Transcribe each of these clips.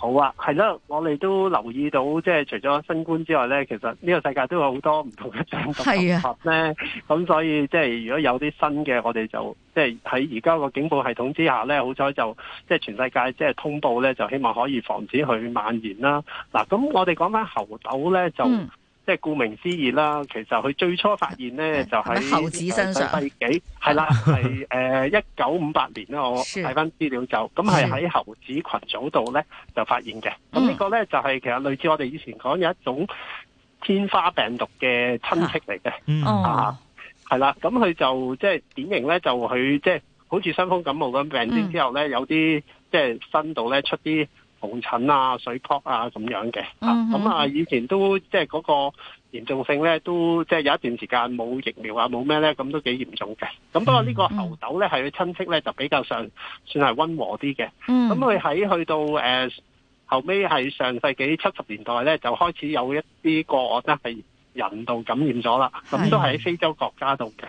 好啊，係啦，我哋都留意到，即係除咗新冠之外咧，其實呢個世界都有好多唔同嘅病毒咧，咁的所以即係如果有啲新嘅，我哋就即係喺而家個警報系統之下咧，好彩就即係全世界即係通報咧，就希望可以防止佢蔓延啦。嗱、啊，咁我哋講翻猴痘咧就。嗯即係顧名思義啦，其實佢最初發現咧是就喺在猴子身上，係啦，係誒一九五八年啦，我睇翻資料就咁係喺猴子群組度咧就發現嘅。咁、嗯、呢個咧就係、是、其實類似我哋以前講有一種天花病毒嘅親戚嚟嘅，嗯、啊係、嗯、啦，咁佢就即係、就是、典型咧就佢即係好似傷風感冒咁病症、嗯、之後咧有啲即係身度咧出啲。紅疹啊、水疱啊咁樣嘅，咁、mm hmm. 啊以前都即係嗰個嚴重性咧，都即係、就是、有一段時間冇疫苗啊冇咩咧，咁都幾嚴重嘅。咁不過呢個猴痘咧，係佢親戚咧就比較上算係溫和啲嘅。咁佢喺去到誒、呃、後尾係上世紀七十年代咧，就開始有一啲個案咧係人道感染咗啦。咁、mm hmm. 都係喺非洲國家度嘅。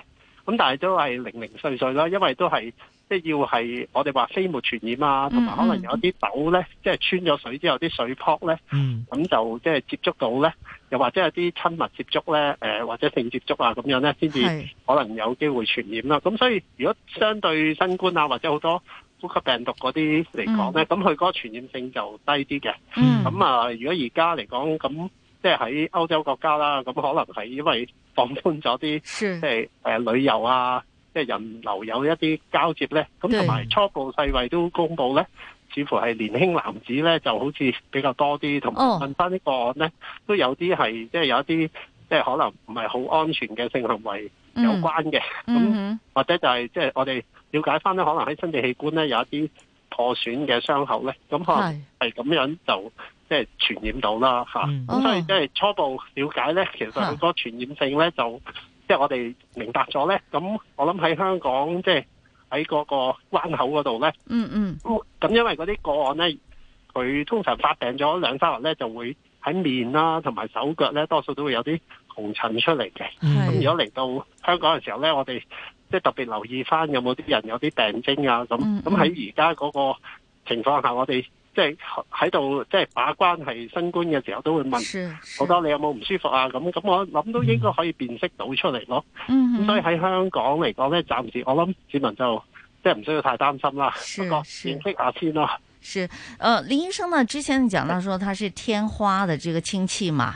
咁但係都係零零碎碎啦，因為都係即係要係我哋話飛沫傳染啊，同埋、嗯、可能有啲痘咧，即係穿咗水之後啲水泡咧，咁、嗯、就即係接觸到咧，又或者有啲親密接觸咧、呃，或者性接觸啊咁樣咧，先至可能有機會傳染啦、啊。咁是所以如果相對新冠啊或者好多呼吸病毒嗰啲嚟講咧，咁佢嗰個傳染性就低啲嘅。咁、嗯、啊，如果而家嚟講咁。即係喺歐洲國家啦，咁可能係因為放寬咗啲，即係誒旅遊啊，即係人流有一啲交接咧，咁同埋初步世衛都公布咧，似乎係年輕男子咧就好似比較多啲，同埋問翻啲個案咧，oh. 都有啲係即係有一啲即係可能唔係好安全嘅性行為有關嘅，咁、mm hmm. 或者就係即係我哋了解翻咧，可能喺生殖器官咧有一啲破損嘅傷口咧，咁可能係咁樣就。即係傳染到啦，嚇、嗯！咁所以即係初步了解咧，其實佢個傳染性咧就，係。即係我哋明白咗咧。咁我諗喺香港，即係喺嗰個關口嗰度咧。嗯嗯。咁因為嗰啲個案咧，佢通常發病咗兩三日咧，就會喺面啦，同埋手腳咧，多數都會有啲紅疹出嚟嘅。咁、嗯、如果嚟到香港嘅時候咧，我哋即係特別留意翻有冇啲人有啲病徵啊咁。咁喺而家嗰個情況下，我哋。即係喺度，即係把關，係新冠嘅時候，都會問好多你有冇唔舒服啊？咁咁，我諗都應該可以辨識到出嚟咯。嗯、mm，咁、hmm. 所以喺香港嚟講咧，暫時我諗市民就即係唔需要太擔心啦。不過，認識下先咯、啊。是，呃，林醫生呢？之前講到說，他是天花的這個親戚嘛。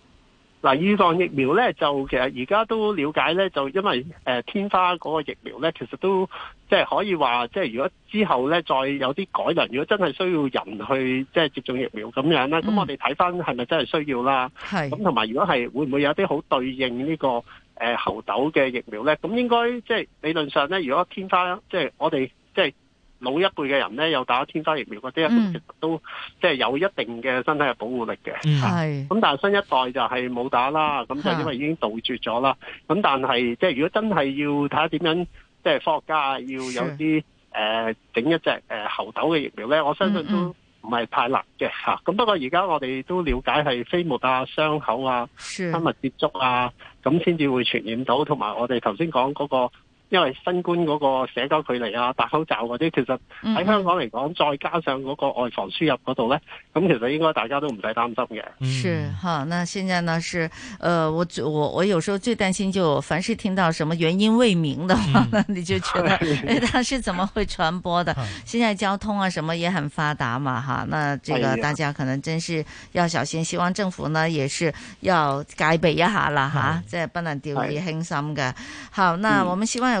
嗱，預防疫苗咧就其實而家都了解咧，就因為誒天花嗰個疫苗咧，其實都即係可以話，即係如果之後咧再有啲改良，如果真係需要人去即係接種疫苗咁樣啦，咁、嗯、我哋睇翻係咪真係需要啦？係。咁同埋如果係會唔會有啲好對應呢個誒猴痘嘅疫苗咧？咁應該即係理論上咧，如果天花即係我哋。老一輩嘅人咧，有打天花疫苗嗰啲一其其實都即係有一定嘅身體嘅保護力嘅。咁是是但係新一代就係冇打啦，咁是就因為已經杜絕咗啦。咁是但係即係如果真係要睇下點樣，即係科學家要有啲誒整一隻誒、呃、猴痘嘅疫苗咧，我相信都唔係太難嘅嚇，咁是不過而家我哋都了解係飛沫啊、傷口啊、是生物接觸啊，咁先至會傳染到，同埋我哋頭先講嗰個。因為新冠嗰個社交距離啊、戴口罩嗰啲，其實喺香港嚟講，嗯、再加上嗰個外防輸入嗰度呢，咁其實應該大家都唔使擔心嘅。是哈，那現在呢是，呃，我我我有時候最擔心就，凡是聽到什麼原因未明的話，呢、嗯，你就覺得 它是怎麼會傳播的。 現在交通啊，什麼也很發達嘛，哈，那這個大家可能真是要小心。希望政府呢也是要戒備一下啦，嚇是，即係不能掉以輕心嘅。是好，那我們希望有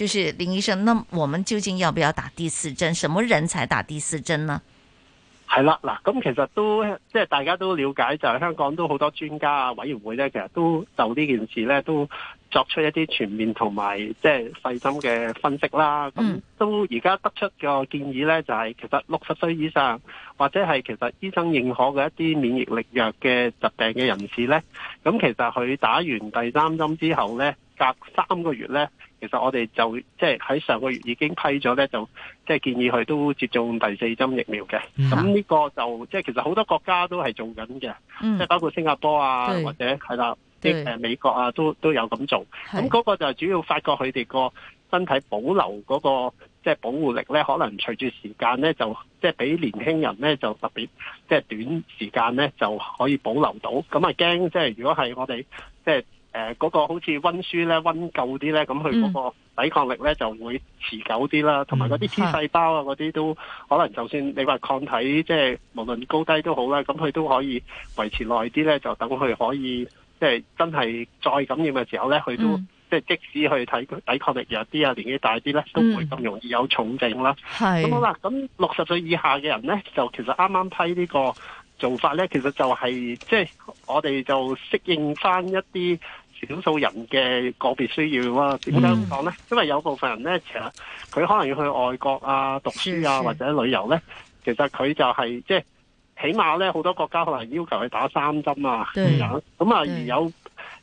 就是林醫生，那我們究竟要不要打第四針？什麼人才打第四針呢？係啦，嗱，咁其實都即係大家都了解，就係香港都好多專家啊委員會咧，其實都就呢件事咧都作出一啲全面同埋即係細心嘅分析啦。咁、嗯、都而家得出嘅建議咧、就是，就係其實六十歲以上或者係其實醫生認可嘅一啲免疫力弱嘅疾病嘅人士咧，咁其實佢打完第三針之後咧，隔三個月咧。其實我哋就即係喺上個月已經批咗咧，就即係建議佢都接種第四針疫苗嘅。咁呢、嗯、個就即係、就是、其實好多國家都係做緊嘅，即係、嗯、包括新加坡啊，對或者係啦、啊、對美國啊，都都有咁做。咁嗰個就主要發覺佢哋個身體保留嗰、那個即係、就是、保護力咧，可能隨住時間咧，就即係俾年輕人咧就特別即係、就是、短時間咧就可以保留到。咁啊驚，即、就、係、是、如果係我哋即係，就是誒，嗰、呃那個好似溫書咧溫夠啲咧，咁佢嗰個抵抗力咧就會持久啲啦，同埋嗰啲 T 細胞啊嗰啲都的可能就算你話抗體即係、就是、無論高低都好啦，咁佢都可以維持耐啲咧，就等佢可以即係、就是、真係再感染嘅時候咧，佢、嗯、都即係、就是、即使去睇佢抵抗力弱啲啊，年紀大啲咧，都唔會咁容易有重症啦。係咁的好啦，咁六十歲以下嘅人咧，就其實啱啱批呢、這個。做法咧，其實就係即係我哋就適應翻一啲少數人嘅個別需要啊。點解咁講咧？嗯、因為有部分人咧，其實佢可能要去外國啊、讀書啊，是是，或者旅遊咧，其實佢就係即係起碼咧，好多國家可能要求佢打三針啊咁啊，對對而有。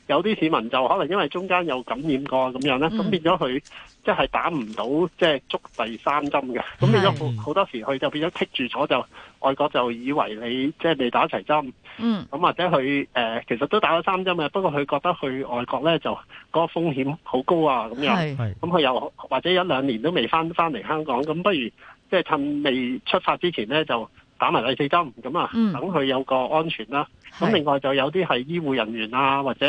有啲市民就可能因為中間有感染過咁樣咧，咁、嗯、變咗佢即係打唔到即係捉第三針嘅，咁變咗好好的多時佢就變咗剔住咗就外國就以為你即係、就是、未打齊針，咁、嗯、或者佢、呃、其實都打咗三針嘅，不過佢覺得去外國咧就嗰個風險好高啊咁樣，咁佢的又或者一兩年都未翻翻嚟香港，咁不如即係、就是、趁未出發之前咧就。打埋第四針咁啊，等佢有個安全啦。咁、嗯、另外就有啲係醫護人員啊，是或者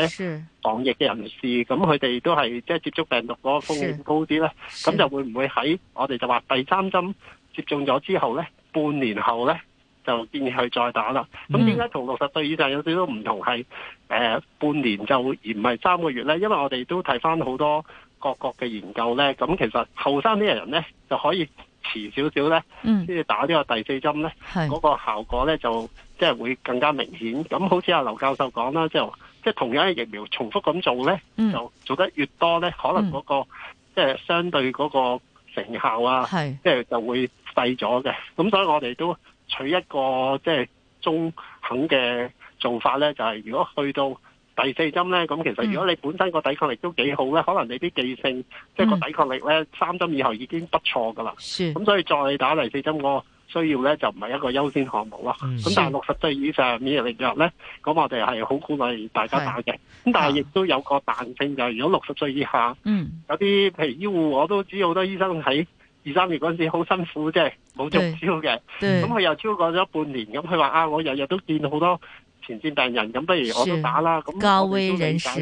防疫嘅人士，咁佢哋都係即係接觸病毒嗰個風險高啲咧。咁就會唔會喺我哋就話第三針接種咗之後咧，半年後咧就建議佢再打啦。咁點解同六十歲以上有少少都唔同係誒半年就而唔係三個月咧？因為我哋都睇翻好多各國嘅研究咧，咁其實後生啲人咧就可以。遲少少咧，即係、嗯、打呢個第四針咧，嗰是個效果咧就即係會更加明顯。咁好似阿劉教授講啦，即係即係同樣嘅疫苗重複咁做咧，嗯、就做得越多咧，可能嗰、那個、嗯、即係相對嗰個成效啊，即係是就，就會細咗嘅。咁所以我哋都取一個即係中肯嘅做法咧，就係、是、如果去到。第四針咧，咁其實如果你本身個抵抗力都幾好咧，嗯、可能你啲記性即係個抵抗力咧，嗯、三針以後已經不錯噶啦。咁是所以再打第四針個需要咧，就唔係一個優先項目啦。咁、嗯、但係六十歲以上免疫力弱咧，咁是我哋係好鼓勵大家打嘅。咁是但係亦都有個彈性，就如果六十歲以下，嗯、有啲譬如醫護，我都知好多醫生喺二三月嗰陣時好辛苦，即係冇做招嘅。咁佢又超過咗半年，咁佢話啊，我日日都見到好多。前線病人咁，不如我都打啦。咁是我都理解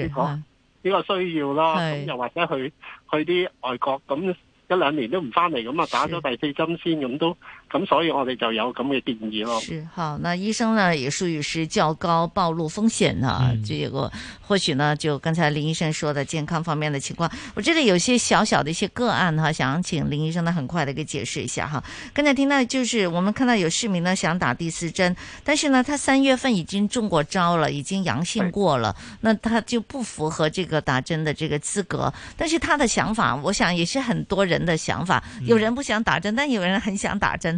呢個需要啦。咁又或者去去啲外國，咁一兩年都唔翻嚟，咁啊打咗第四針先，咁是都。咁所以我哋就有咁嘅建議咯。是好，那醫生呢也屬於是較高暴露風險啊，這個或許呢就剛才林醫生說的健康方面的情況，我這裏有些小小的一些個案哈、啊，想請林醫生呢很快的給解釋一下哈。剛、啊、才聽到就是我們看到有市民呢想打第四針，但是呢他三月份已經中過招了，已經陽性過了，嗯、那他就不符合這個打針的這個資格。但是他的想法，我想也是很多人的想法，有人不想打針，但有人很想打針。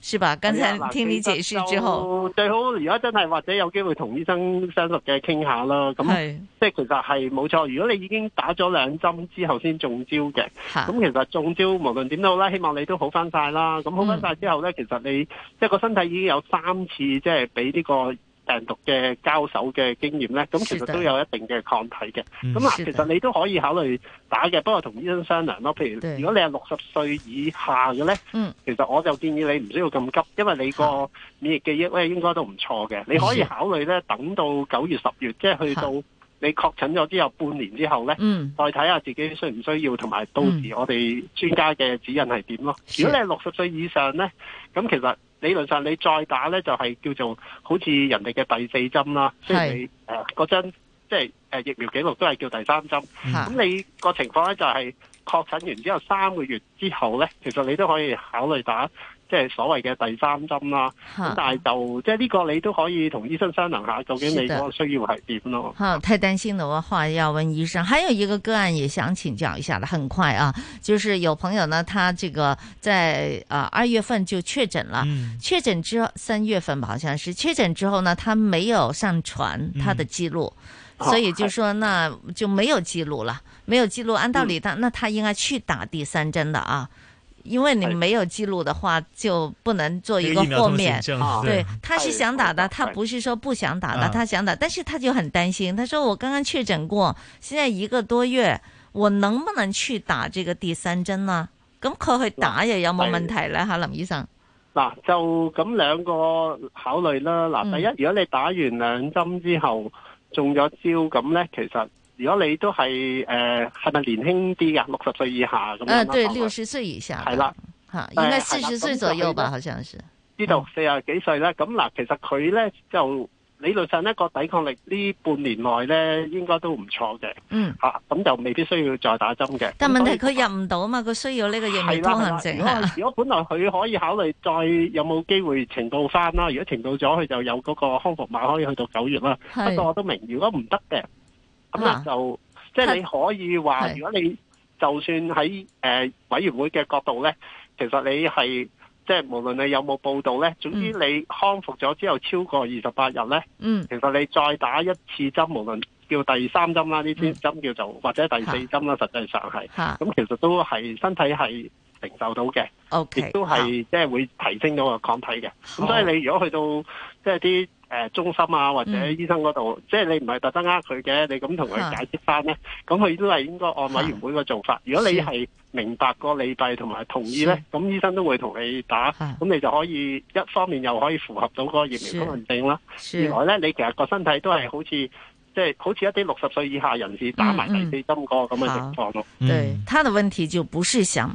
是吧？剛才聽你解釋之後，哎、最好如果真係或者有機會同醫生相熟嘅傾下啦。咁即係其實係冇錯。如果你已經打咗兩針之後先中招嘅，咁是其實中招無論點都好啦，希望你都好翻晒啦。咁好翻晒之後咧，嗯、其實你即係個身體已經有三次即係俾呢個。病毒嘅交手嘅經驗呢，咁其實都有一定嘅抗體嘅。咁啊的，嗯、其實你都可以考慮打嘅，不過同醫生商量咯。譬如對如果你係六十歲以下嘅呢，嗯、其實我就建議你唔需要咁急，因為你個免疫記憶咧應該都唔錯嘅。的你可以考慮呢，等到九月十月，即係去到你確診咗之後半年之後呢，的再睇下自己需唔需要，同埋到時我哋專家嘅指引係點咯。是的如果你係六十歲以上呢，咁其實。理論上你再打呢，就係、是、叫做好似人哋嘅第四針啦，所以是你誒嗰張即係誒疫苗紀錄都係叫第三針。咁是你個情況呢，就係確診完之後三個月之後呢，其實你都可以考慮打。即係所謂嘅第三針啦，咁好但係就即係呢個你都可以同醫生商量下，究竟你嗰個需要係點咯。太擔心嘅話，我話要問醫生。還有一個個案也想請教一下啦，很快啊，就是有朋友呢，他這個在啊二月份就確診了，嗯、確診之後三月份吧，好像是確診之後呢，他沒有上傳、嗯、他的記錄，哦、所以就說那就沒有記錄了，的沒有記錄，按道理的，但、嗯、那他應該去打第三針的啊。因為你沒有記錄的話，就不能做一個豁免。對，他是想打的，他不是說不想打的，他想打，但是他就很擔心。他說我剛剛確診過，現在一個多月，我能不能去打這個第三針呢？咁佢去打又有冇問題呢？吓，林醫生。嗱、啊，就咁兩個考慮啦。嗱，第一，如果你打完兩針之後中咗招，咁咧其實。如果你都係誒，係咪年輕啲嘅六十歲以下咁樣，對，六十歲以下係啦，嚇，應該四十歲左右吧，好像是呢度四廿幾歲咧。咁嗱，其實佢咧就理論上呢個抵抗力呢半年內咧應該都唔錯嘅。嗯，嚇，咁就未必需要再打針嘅。但問題佢入唔到啊嘛，佢需要呢個疫苗通行證。係啦，如果本來佢可以考慮再有冇機會呈報翻啦，如果呈報咗佢就有嗰個康復碼可以去到九月啦。係，不過我都明，如果唔得嘅。咁啦，就即係、啊、你可以話，是如果你就算喺誒、呃、委員會嘅角度咧，其實你係即係無論你有冇報道咧，嗯、總之你康復咗之後超過二十八日咧，嗯，其實你再打一次針，無論叫第三針啦，呢啲針叫做或者第四針啦，實際上係，咁、啊、其實都係身體係承受到嘅，亦 Okay，都係、啊、即係會提升到個抗體嘅，咁所以你如果去到即係啲。就是誒，中心啊，或者醫生嗰度，嗯、即係你唔係特登呃佢嘅，嗯、你咁同佢解釋返咧，咁佢都係應該按委員會嘅做法。啊、如果你係明白個理據同埋同意咧，咁、啊、醫生都會同你打，咁、啊、你就可以一方面又可以符合到個疫苗通行證啦。原來咧，你其實個身體都係好似即係好似一啲六十歲以下人士打埋第四針嗰個咁嘅情況咯、嗯。嗯、對、嗯、他的問題就不是想。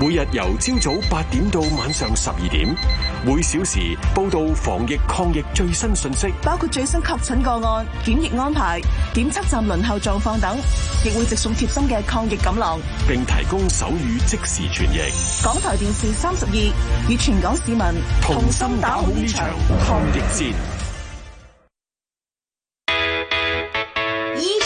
每日由朝早八點到晚上十二點，每小時報道防疫抗疫最新信息，包括最新確診個案、檢疫安排、檢測站輪候狀況等，亦會直送貼心嘅抗疫錦囊，並提供手語即時傳譯。港台電視三十二與全港市民同心打好呢場抗疫戰。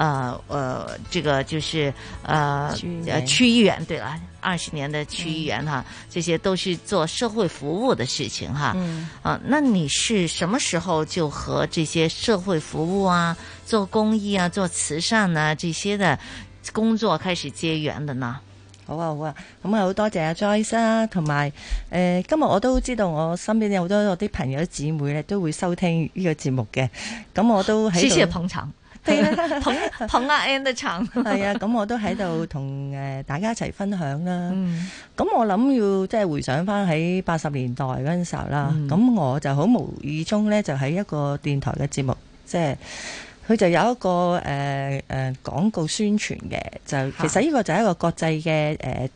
呃呃，這個就是呃呃年區議員，對了，二十年的區議員哈、嗯啊，這些都是做社會服務的事情哈。嗯啊，那你是什麼時候就和這些社會服務啊、做公益啊、做慈善啊這些的工作開始結緣的呢？好啊，好啊，咁啊，啊，好多謝阿 Joyce 啊，同埋誒，今日我都知道我身邊有好多我啲朋友姊妹呢都會收聽呢個節目嘅，咁我都喺度。謝謝捧場。捧捧下 Andy 場，係 啊，咁我都喺度同誒大家一齊分享啦。咁、嗯、我諗要即係回想翻喺八十年代嗰陣時候啦，咁、嗯、我就好無意中咧就喺一個電台嘅節目，即係佢就有一個誒誒廣告宣傳嘅，就、啊、其實呢個就係一個國際嘅誒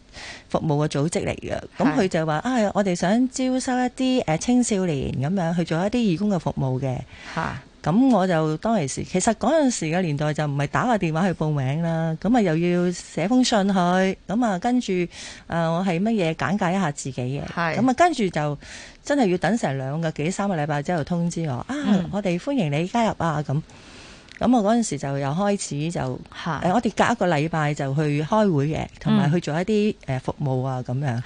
服務嘅組織嚟嘅。咁佢就話啊，哎、我哋想招收一啲誒青少年咁樣去做一啲義工嘅服務嘅吓。啊咁我就當其時，其實嗰陣時嘅年代就唔係打個電話去報名啦，咁啊又要寫封信去，咁啊跟住誒、呃、我係乜嘢簡介一下自己嘅，咁啊是跟住就真係要等成兩個幾三個禮拜之後通知我，嗯、啊，我哋歡迎你加入啊咁。咁我嗰陣時就又開始就是、呃、我哋隔一個禮拜就去開會嘅，同埋去做一啲、嗯呃、服務啊咁樣。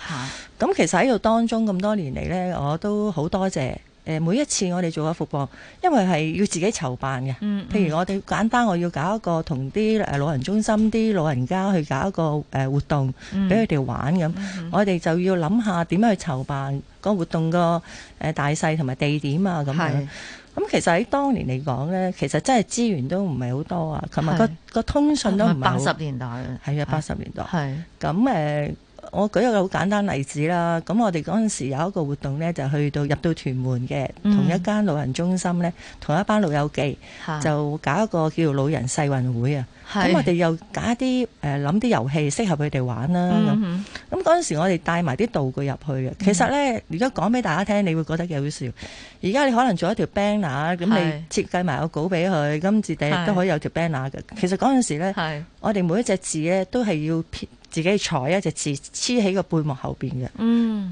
咁是其實喺度當中咁多年嚟呢，我都好多謝。誒每一次我哋做個服務，因為係要自己籌辦嘅。嗯嗯、譬如我哋簡單，我要搞一個同啲誒老人中心啲老人家去搞一個誒活動，俾佢哋玩咁。嗯嗯、我哋就要諗下點樣去籌辦個活動個誒大細同埋地點啊咁樣。咁是其實喺當年嚟講咧，其實真係資源都唔係好多啊，同埋個個通訊都唔係。八十年代啊，係啊，八十年代係咁誒。我舉一個好簡單例子啦，咁我哋嗰陣時有一個活動咧，就去到入到屯門嘅同一間老人中心咧，同一班老友記就搞一個叫做老人世運會啊。咁是我哋又搞一啲誒諗啲遊戲適合佢哋玩啦。咁嗰陣時我哋帶埋啲道具入去嘅。其實咧，而家講俾大家聽，你會覺得幾好笑。而家你可能做一條 banner，咁你設計埋個稿俾佢，是今次第日都可以有條 banner 嘅。其實嗰陣時呢，是我哋每一隻字咧都係要自己採一隻字黐喺個背幕後邊嘅，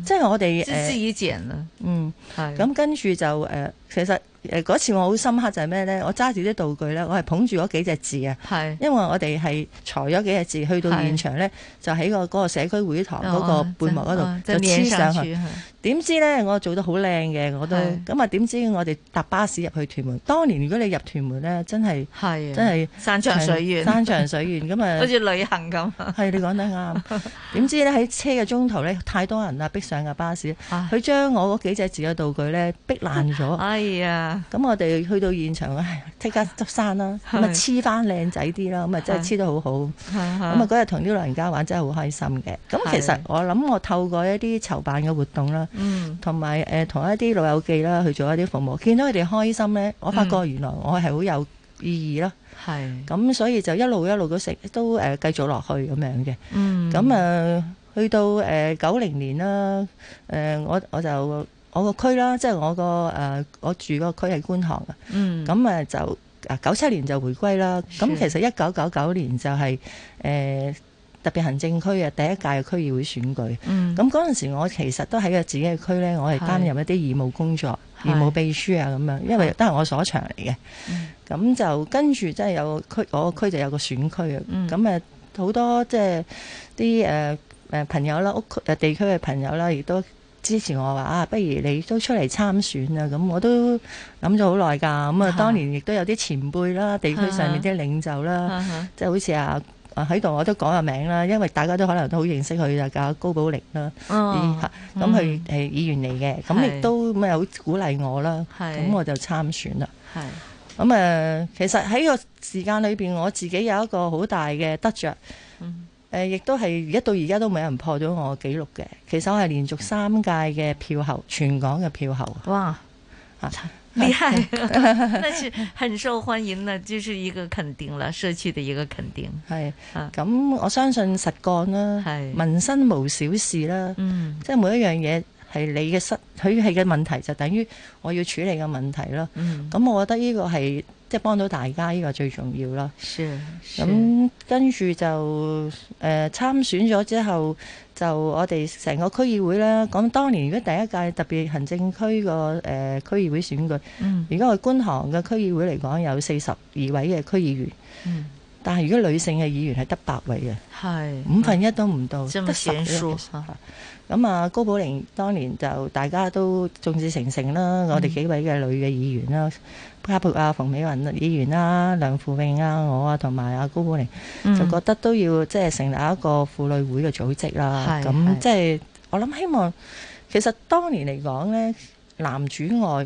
即係我哋自欺欺人啦。嗯，係。咁跟住就誒。呃其實誒嗰次我好深刻就係咩咧？我揸住啲道具咧，我係捧住嗰幾隻字啊！因為我哋係裁咗幾隻字，去到現場咧就喺個嗰社區會堂嗰個背幕嗰度就黐上去。點知咧我做得好靚嘅我都，咁啊點知我哋搭巴士入去屯門，當年如果你入屯門咧，真係真係山長水遠，山長水遠咁啊，好似旅行咁。係你講得啱。點知咧喺車嘅中途咧太多人啦，逼上架巴士，佢將我嗰幾隻字嘅道具咧逼爛咗。係啊，咁 我哋去到現場啊，即刻執生啦，咁啊黐翻靚仔啲啦，咁啊真係黐得好好，咁啊嗰日同啲老人家玩真係好開心嘅。咁是其實我諗我透過一啲籌辦嘅活動啦，同埋誒同一啲老友記啦去做一啲服務，見到佢哋開心呢，我發覺原來我係好有意義咯。係是，咁所以就一路一路都食，都誒、呃、繼續落去咁樣嘅。咁啊是、呃，去到誒九零年啦，誒、呃、我我就。我，的我個區啦，即係我個誒，我住個區係觀塘啊。嗯，咁啊就啊九七年就回歸啦。咁是其實一九九九年就係、是、誒、呃、特別行政區嘅第一屆嘅區議會選舉。嗯，咁嗰陣時候我其實都喺個自己嘅區咧，是我係擔任一啲義務工作，是義務秘書啊咁樣，因為都係我的所長嚟嘅。是嗯，咁就跟住即係有個區，我個區就有個選區啊。嗯，咁啊好多即係啲誒誒朋友啦，屋誒地區嘅朋友啦，亦都。支持我話啊，不如你都出嚟參選啊！咁我都諗咗好耐㗎。咁啊，當年亦都有啲前輩啦，地區上面啲領袖啦，即係、啊啊、好似啊喺度我都講下名啦。因為大家都可能都好認識佢啊，高寶力啦，咁佢係議員嚟嘅，咁亦都咩好鼓勵我啦。咁是我就參選啦。咁誒、啊，其實喺個時間裏邊，我自己有一個好大嘅得着。嗯誒，亦、呃、都係而家到而家都冇人破咗我記錄嘅。其實我係連續三屆嘅票后，全港嘅票后。哇！嚇、啊，厲害！但 是很受歡迎的，就是一個肯定了社區的一個肯定。係咁是、啊、我相信實幹啦，是民生無小事啦，嗯、即係每一樣嘢係你嘅失，佢係嘅問題就等於我要處理嘅問題咯。咁、嗯、我覺得呢個係。即係幫到大家，呢、這個最重要咯。咁、嗯、跟住就誒參、呃、選咗之後，就我哋成個區議會啦，咁當年如果第一屆特別行政區個誒區議會選舉，如果係觀塘嘅區議會嚟講，有四十二位嘅區議員，嗯、但係如果女性嘅議員係得八位嘅，係是五分一都唔到，得十一位咁啊，嗯、高寶玲當年就大家都眾志成城啦，嗯、我哋幾位嘅女嘅議員啦。卡柏啊、馮美雲議員啦、梁富永啊、我啊，同埋阿高寶玲，就覺得都要即係成立一個婦女會嘅組織啦。咁即係我諗希望，其實當年嚟講呢，男主外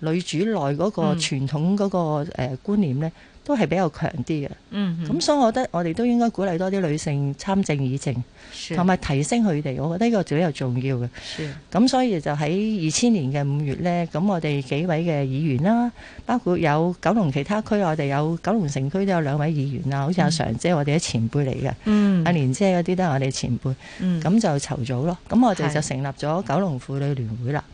女主內嗰個傳統嗰個誒觀念呢，都係比較強啲嘅，咁、嗯、哼所以我覺得我哋都應該鼓勵多啲女性參政議政，同埋是提升佢哋。我覺得呢個比較重要嘅。咁是所以就喺二千年嘅五月呢，咁我哋幾位嘅議員啦，包括有九龍其他區，我哋有九龍城區都有兩位議員啦，好似阿常姐，嗯、我哋啲前輩嚟嘅，嗯、阿年姐嗰啲都係我哋前輩。咁就籌組咯，咁我哋就成立咗九龍婦女聯會啦。是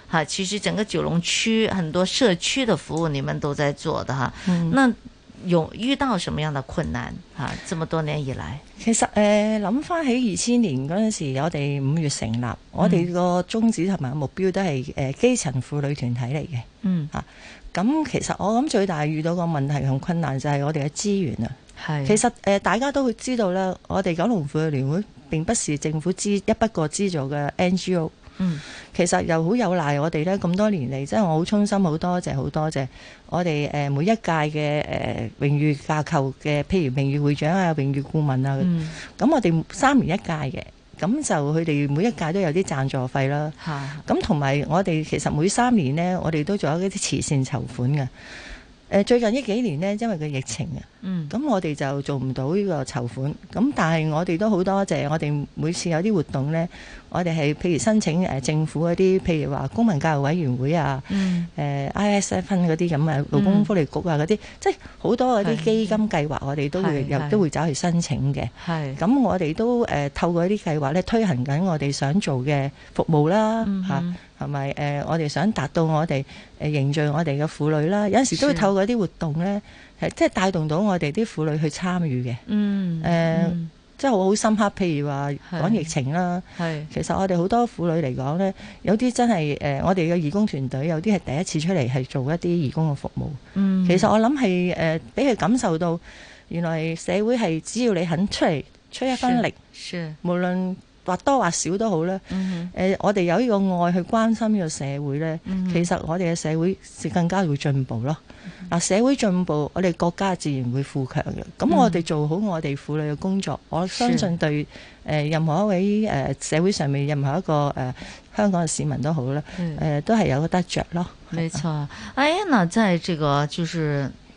其實整個九龍區很多社區的服務，你們都在做的哈。嗯、那有遇到什麼樣的困難？哈、啊，這麼多年以來，其實誒諗翻起二千年嗰陣時，我哋五月成立，我哋個宗旨同埋目標都係誒、嗯呃、基層婦女團體嚟嘅。啊、嗯。咁其實我諗最大遇到個問題同困難就係我哋嘅資源啊。係的。其實誒、呃，大家都會知道啦，我哋九龍婦女聯會並不是政府支一不過資助嘅 NGO。嗯，其實又好有賴我哋咧，咁多年嚟，即係我好衷心，好多謝，好多謝我哋誒、呃、每一屆嘅誒榮譽架構嘅，譬如榮譽會長啊、榮譽顧問啊，咁、嗯、我哋三年一屆嘅，咁就佢哋每一屆都有啲贊助費啦。咁同埋我哋其實每三年呢，我哋都做一啲慈善籌款嘅。誒最近呢幾年呢，因為個疫情啊，咁、嗯、我哋就做唔到呢個籌款。咁但係我哋都好多謝我哋每次有啲活動呢，我哋係譬如申請誒政府嗰啲，譬如話公民教育委員會啊，誒 ISF 分嗰啲咁啊，勞工福利局啊嗰啲，嗯、即係好多嗰啲基金計劃，是我哋都會是都會走去申請嘅。係是。咁我哋都誒透過啲計劃咧推行緊我哋想做嘅服務啦，嗯啊同埋誒，我哋想達到我哋誒、呃、凝聚我哋嘅婦女啦，有陣時都會透過啲活動呢，係是即係帶動到我哋啲婦女去參與嘅。嗯，誒、呃，嗯、即係好好深刻。譬如話講疫情啦，係其實我哋好多婦女嚟講呢，有啲真係誒、呃，我哋嘅義工團隊有啲係第一次出嚟係做一啲義工嘅服務。嗯、其實我諗係誒，俾、呃、佢感受到原來社會係只要你肯出嚟，出一分力，是，是無論。或多或少都好啦。誒、mm hmm. 呃，我哋有呢個愛去關心呢個社會呢，mm hmm. 其實我哋嘅社會是更加會進步咯。嗱、mm，hmm. 社會進步，我哋國家自然會富強嘅。咁我哋做好我哋婦女嘅工作，mm hmm. 我相信對誒、呃、任何一位誒、呃、社會上面任何一個誒、呃、香港嘅市民都好啦，誒、mm hmm. 呃、都係有得着著咯。Mm hmm. 沒錯，哎呀，嗱，即係這個就是。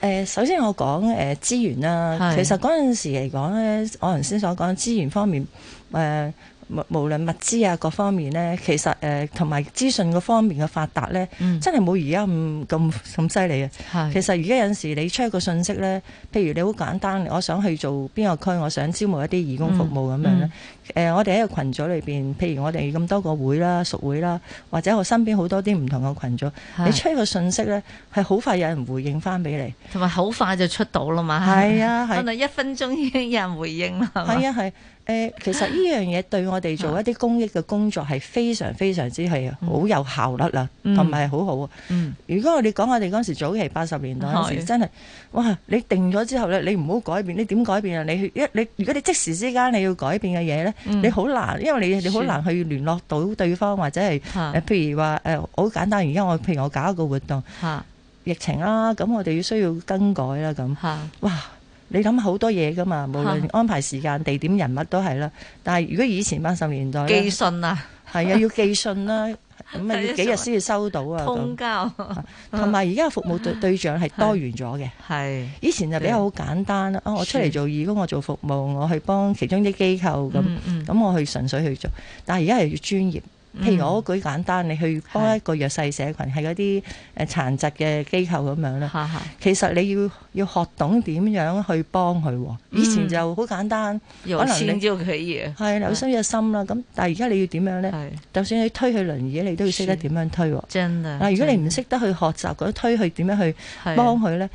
誒，首先我講誒資源啦，是其實嗰陣時嚟講咧，我頭先所講資源方面，誒、呃、無無論物資啊各方面咧，其實誒同埋資訊嗰方面嘅發達咧，嗯、真係冇而家咁咁咁犀利嘅。其實而家有時你出一個信息咧，譬如你好簡單，我想去做邊個區，我想招募一啲義工服務咁樣咧。嗯嗯誒、呃，我哋喺個群組裏邊，譬如我哋咁多個會啦、熟會啦，或者我身邊好多啲唔同嘅群組，的你出一個信息咧，係好快有人回應翻俾你，同埋好快就出到啦嘛。係啊，係可能一分鐘已經有人回應啦。係啊，係誒、呃，其實呢樣嘢對我哋做一啲公益嘅工作係非常非常之係好有效率啦，同埋、 嗯、好好啊。嗯嗯、如果我哋講我哋嗰時早期八十年代嗰時，的真係哇！你定咗之後咧，你唔好改變，你點改變啊？你你，你如果你即時之間你要改變嘅嘢咧。嗯、你好難，因為你你好難去聯絡到對方或者係是，譬如話誒，好簡單原因，我譬如我搞一個活動，是疫情啦、啊，咁我哋需要更改啦，咁，是哇，你諗好多嘢㗎嘛，無論安排時間、地點、人物都係啦。是但係如果以前八十年代寄信啊，係啊，要寄信啦、啊。 咁啊，要幾日先至收到啊？通交，同埋而家服務對對象係多元咗嘅。係以前就比較好簡單啊是、哦！我出嚟做，義工，我做服務，我去幫其中啲機構咁，咁、嗯嗯、我去純粹去做。但係而家係要專業。譬如我舉簡單，你去幫一個弱勢社群，係嗰啲誒殘疾嘅機構咁樣啦。是是其實你要要學懂點樣去幫佢。嗯，以前就好簡單，有可，以可能你先知道佢嘢。係有心有心啦。咁是但係而家你要點樣咧？是就算你推去輪椅，你都要識得點樣推。真㗎。嗱，如果你唔識得去學習嗰推去點樣去幫佢咧？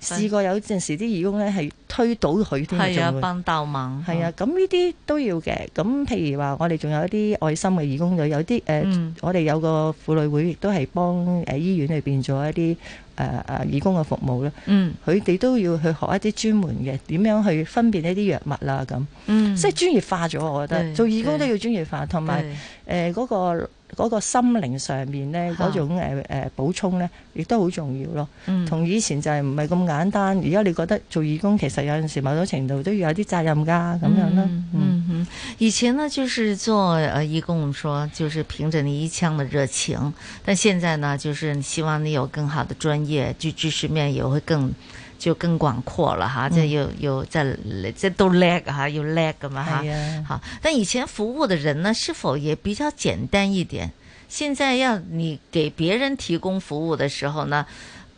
試過有陣時啲義工咧係推倒佢添，係啊，幫鬥猛，係啊，咁呢啲都要嘅。咁譬如話，我哋仲有一啲愛心嘅義工，就有啲誒，呃嗯、我哋有個婦女會亦都係幫誒醫院裏邊做一啲誒誒義工嘅服務啦。嗯，佢哋都要去學一啲專門嘅點樣去分辨呢啲藥物啦咁。嗯，即係專業化咗，我覺得對做義工都要專業化，同埋誒嗰個。嗰個心靈上面呢，嗰好種誒誒、呃呃、補充呢，亦都好重要咯。嗯、同以前就係唔係咁簡單，而家你覺得做義工其實有陣時某種程度都要有啲責任㗎咁樣咯。嗯哼，嗯嗯，以前呢就是做誒、呃、義工，我說就是憑着你一腔嘅熱情，但現在呢就是希望你有更好的專業，就知識面也會更。就更廣闊了哈，啊，這有有，嗯，這這都叻哈，又叻嘛哈，好。啊是啊，但以前服務的人呢，是否也比較簡單一點？現在要你給別人提供服務的時候呢，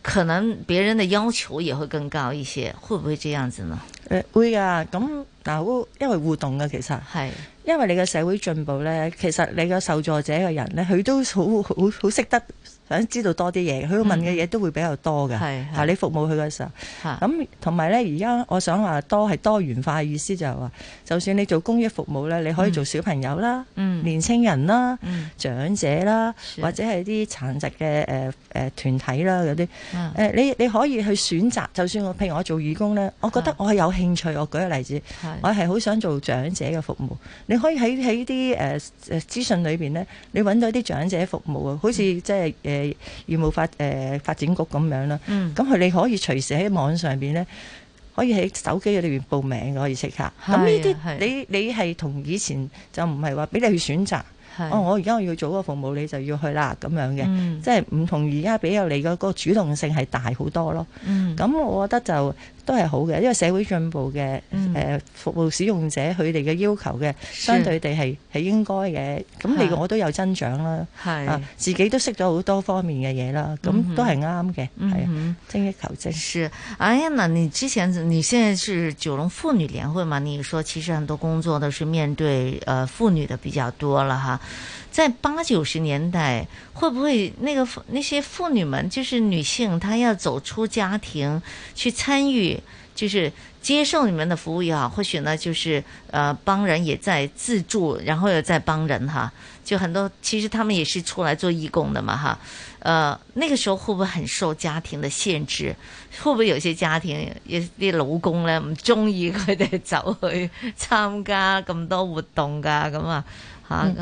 可能別人的要求也會更高一些，會唔會這樣子呢？誒，會噶，咁嗱，因為互動噶其實係，是的 因為你嘅社會進步咧，其實你嘅受助者嘅人咧，佢都好好好識得。想知道多啲嘢，佢會問嘅嘢都會比較多嘅。係、嗯啊、你服務佢嘅時候，咁同埋咧，而家我想話多係多元化嘅意思就係、是、話，就算你做公益服務咧，你可以做小朋友啦，嗯、年青人啦，嗯、長者啦，是或者係啲殘疾嘅誒誒團體啦嗰啲，是、呃。你你可以去選擇，就算我譬如我做義工咧，我覺得我係有興趣。我舉個例子，是我係好想做長者嘅服務。你可以喺喺啲誒誒資訊裏面咧，你揾到啲長者服務啊，好似即係業務發誒、呃、發展局咁樣啦，咁佢哋可以隨時喺網上邊咧，可以喺手機裏邊報名嘅，可以識下。咁呢啲你你係同以前就唔係話俾你去選擇，的哦我而家我要做個服務，你就要去啦咁樣嘅，嗯、即係唔同而家比較你嘅，那個主動性係大好多咯。咁、嗯、我覺得就。都係好嘅，因為社會進步嘅，誒、呃，服務使用者佢哋嘅要求嘅，嗯、是相對地係係應該嘅。咁你我都有增長啦，是啊，是自己都識咗好多方面嘅嘢啦，咁都係啱嘅，係精益求精。嗯、是，哎呀，那你之前，你現在是九龍婦女聯會嘛？你說其實很多工作都是面對，誒、呃，婦女的比較多了哈。在八九十年代，會不會那個那些婦女們，就是女性，她要走出家庭去參與，就是接受你們的服務也、啊、好，或許呢，就是呃幫人也在自助，然後也在幫人哈，就很多其實他們也是出來做義工的嘛哈，呃，那個時候會不會很受家庭的限制？會不會有些家庭也老公呢，唔中意佢哋走去參加咁多活動噶咁啊？這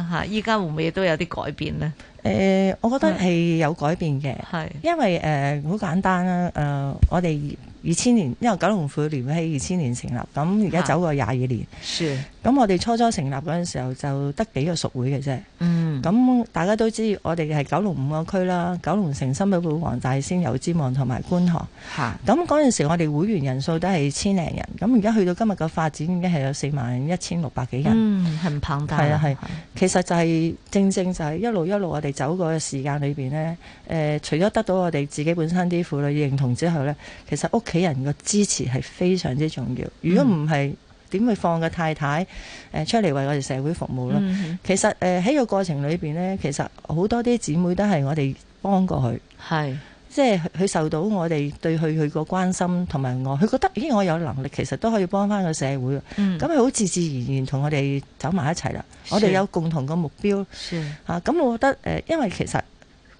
吓依家會唔會都有啲改變咧？誒、呃，我覺得係有改變嘅，係是因為誒好、呃、簡單啦、啊。誒、呃，我哋二千年，因為九龍婦女聯會喺二千年成立，咁而家走過廿二年是。是。咁我哋初初成立嗰陣時候，就得幾個屬會嘅啫。嗯。咁大家都知，我哋係九龍五個區啦，九龍城、深水埗、黃大仙、油尖旺同埋觀塘。嚇、嗯。咁嗰陣時，我哋會員人數都係千零人。咁而家去到今日嘅發展，已經係有四萬一千六百幾人。嗯，唔龐大。係啊，係。其實就係、是、正正就係一路一路我哋走過嘅時間裏面呢、呃。除咗得到我哋自己本身啲婦女認同之後呢，其實屋企人嘅支持係非常之重要。如果唔係，點會放個太太誒出嚟為我哋社會服務咯。嗯哼呃？其實誒喺個過程裏邊呢，其實好多啲姊妹都係我哋幫過佢，係是即係佢受到我哋對佢佢個關心同埋愛，佢覺得咦，我有能力，其實都可以幫翻個社會，咁係好自自然然同我哋走埋一齊啦。我哋有共同嘅目標嚇，咁是、啊、我覺得誒、呃，因為其實。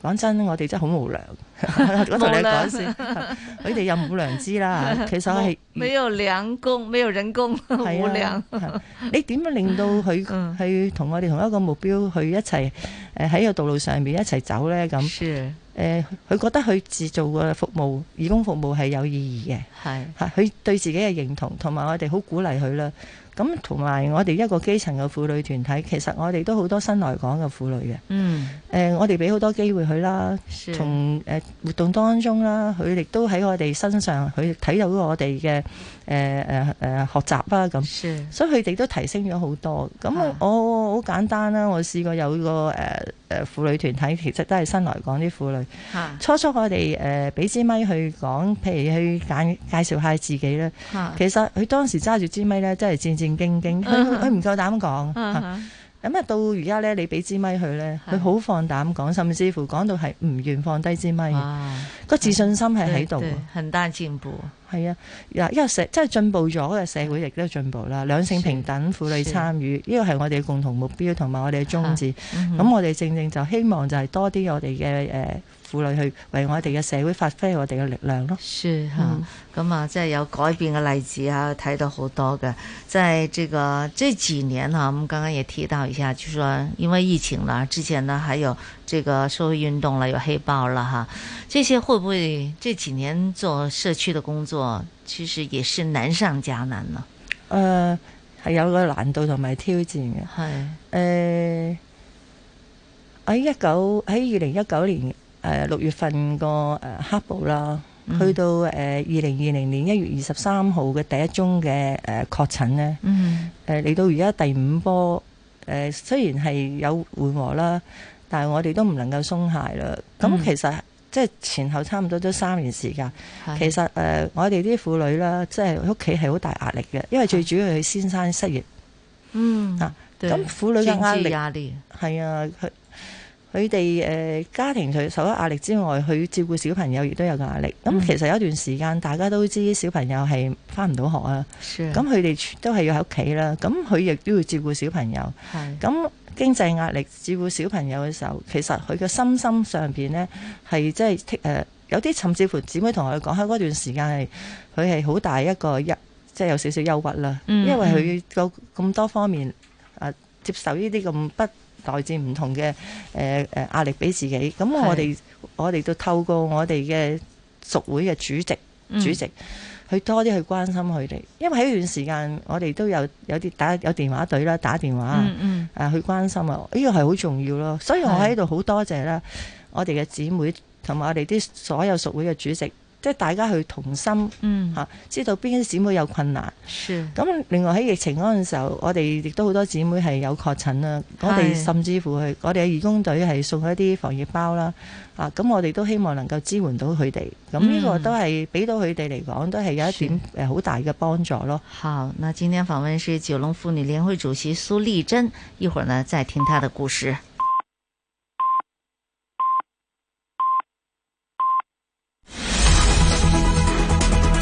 講真，我哋真係好無良。 我同你講先，佢哋好了 又冇良知啦？ 其實係沒有良工，沒有人工， 無良。 你點樣令到佢去同我哋同一個目標去一齊？誒喺個道路上面一齊走咧咁。誒，佢是、呃、覺得佢自做嘅服務義工服務係有意義嘅。係佢是對自己嘅認同，同埋我哋好鼓勵佢啦。咁同埋我哋一個基層嘅婦女團體，其實我哋都好多新來港嘅婦女嘅。嗯。呃，我哋俾好多機會佢啦，從呃活動當中啦，佢亦都喺我哋身上，佢睇到我哋嘅。誒誒誒學習啦、啊、咁，是所以佢哋都提升咗好多。咁我我好是簡單啦、啊，我試過有個誒誒婦女團體，其實都係新來港啲婦女。是初初我哋誒俾支咪去講，譬如去介紹下自己咧。是其實佢當時揸住支咪咧，真係戰戰兢兢，佢佢唔夠膽講。咁啊、嗯、哼是到而家咧，你俾支咪去咧，佢好是放膽講，甚至乎講到係唔願放低支咪。哇個自信心係喺度。很大進步。係啊，嗱，因為社即係進步咗嘅社會，亦都進步啦。兩性平等、婦女參與，呢個係我哋嘅共同目標，同埋我哋嘅宗旨。咁、啊嗯、我哋正正就希望就係多啲我哋嘅誒。呃婦女去為我哋嘅社會發揮我哋嘅力量咯。是嚇，咁、嗯、啊，即係、嗯、有改變嘅例子啊，睇到好多嘅。即係這個這幾年啊，我們剛剛也提到一下，就是、說因為疫情啦，之前呢，還有這個社會運動啦，有黑暴啦，吓，這些會不會這幾年做社區的工作，其實也是難上加難呢？誒、呃，係有個難度同埋挑戰嘅。係誒是，喺一九喺二零一九年。誒六、呃、月份個黑暴啦，去到誒二零二零年一月二十三號嘅第一宗嘅誒確診咧，誒嚟、嗯呃、到而家第五波誒、呃，雖然係有緩和啦，但係我哋都唔能夠鬆懈啦。咁、嗯、其實即係前後差唔多都三年時間，的其實誒、呃、我哋啲婦女啦，即係屋企係好大壓力嘅，因為最主要係先生失業，嗯啊，咁對婦女嘅壓力壓力係啊。佢哋家庭除咗壓力之外，佢照顧小朋友亦都有壓力。咁、嗯、其實有一段時間，大家都知小朋友係翻唔到學啊。咁佢哋都係要喺屋企啦。咁佢亦都要照顧小朋友。咁是經濟壓力照顧小朋友嘅時候，其實佢嘅心心上面呢係即係有啲甚至乎姊妹同佢講講，喺嗰段時間係佢係好大一個即係、就是、有少少憂鬱啦。嗯、因為佢咁多方面啊，接受呢啲咁不。代來自唔同嘅誒誒壓力俾自己，咁我哋是我哋都透過我哋嘅屬會嘅主席主席，去多啲去關心佢哋，因為喺一段時間我哋都有有啲打有電話隊啦，打電話啊、嗯嗯、去關心啊，呢個係好重要咯，所以我喺度好多謝啦我哋嘅姊妹同埋我哋啲所有屬會嘅主席。即係大家去同心吓、嗯啊，知道邊啲姊妹有困難。咁是另外喺疫情嗰陣時候，我哋亦都好多姊妹係有確診啦。我哋甚至乎係是我哋嘅義工隊係送咗一啲防疫包啦。啊，咁我哋都希望能夠支援到佢哋。咁呢個都係俾到佢哋嚟講，都係有一點誒好大嘅幫助咯。好，那今天訪問是九龍婦女聯會主席蘇麗珍，一會兒呢再聽她的故事。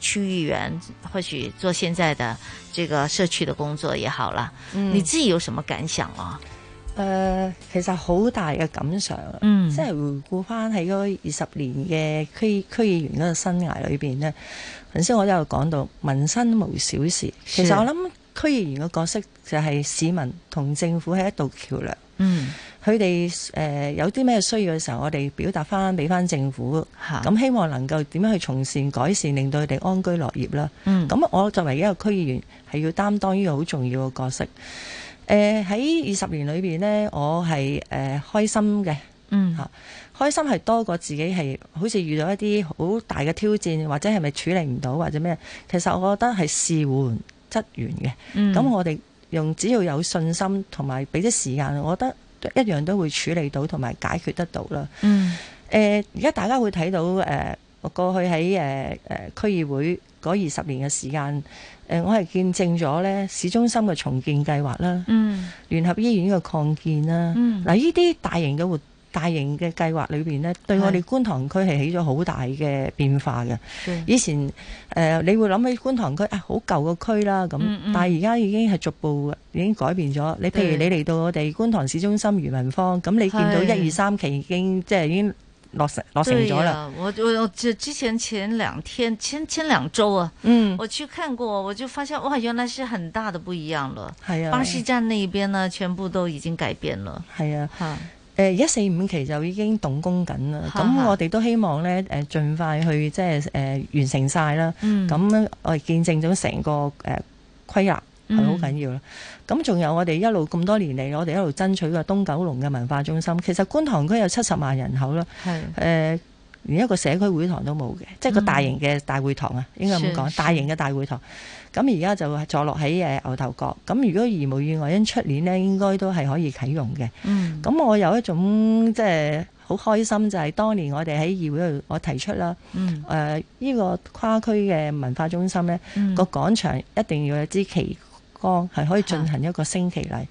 區議員或許做現在的這個社區的工作也好啦，嗯、你自己有什麼感想啊？誒、呃，其實好大嘅感想，啊，嗯，即係回顧翻喺嗰二十年嘅區區議員個生涯裏邊呢，頭先我都有講到民生無小事，是其實我諗區議員嘅角色就係市民同政府係一道橋樑，嗯。佢哋誒有啲咩需要嘅時候，我哋表達翻俾翻政府，咁的希望能夠點樣去從善改善，令到佢哋安居樂業啦。咁、嗯、我作為一個區議員，係要擔當呢個好重要嘅角色。誒喺二十年裏邊呢，我係誒開心嘅，嗯、呃、嚇，開心係、嗯啊、多過自己係好似遇到一啲好大嘅挑戰，或者係咪處理唔到或者咩？其實我覺得係事緩則圓嘅。咁、嗯、我哋用只要有信心同埋俾啲時間，我覺得。一樣都會處理到同埋解決得到啦。嗯。誒、呃，而家大家會睇到誒、呃，我過去喺誒誒區議會嗰二十年嘅時間，誒、呃，我係見證咗咧市中心嘅重建計劃啦。嗯。聯合醫院嘅擴建啦。嗯。嗱，呢啲大型嘅活動大型嘅計劃裏邊呢，對我哋觀塘區係起咗好大嘅變化嘅。對以前誒、呃，你會諗起觀塘區啊，好舊個區啦。咁，嗯嗯但係而家已經係逐步已經改變咗。你對譬如你嚟到我哋觀塘市中心裕民坊，咁對你見到一二三期已經即係已經落成落成咗啦、啊。我我之前前兩天前前兩周啊，嗯、我去看過，我就發現哇，原來是很大的不一樣了。係啊，巴士站那一邊呢，全部都已經改變了。係啊，嚇、啊。誒、呃、一四五期就已經動工緊啦，咁、啊、我哋都希望咧誒、呃、盡快去即係誒完成晒啦。咁、嗯、我哋見證咗成個誒、呃、規劃係好緊要啦。咁仲有我哋一路咁多年嚟，我哋一路爭取個東九龍嘅文化中心。其實觀塘區有七十萬人口啦，誒是、呃，連一個社區會堂都冇嘅，即係個大型嘅大會堂啊，應該咁講，大型嘅大會堂。嗯應該咁而家就坐落喺誒牛頭角，咁如果而無意外因，因出年呢應該都係可以啟用嘅。嗯，咁我有一種即係好開心，就係、係、當年我哋喺議會度我提出啦。嗯、呢、呃呢個跨區嘅文化中心呢、嗯、個廣場一定要有支旗桿，係可以進行一個升旗禮。啊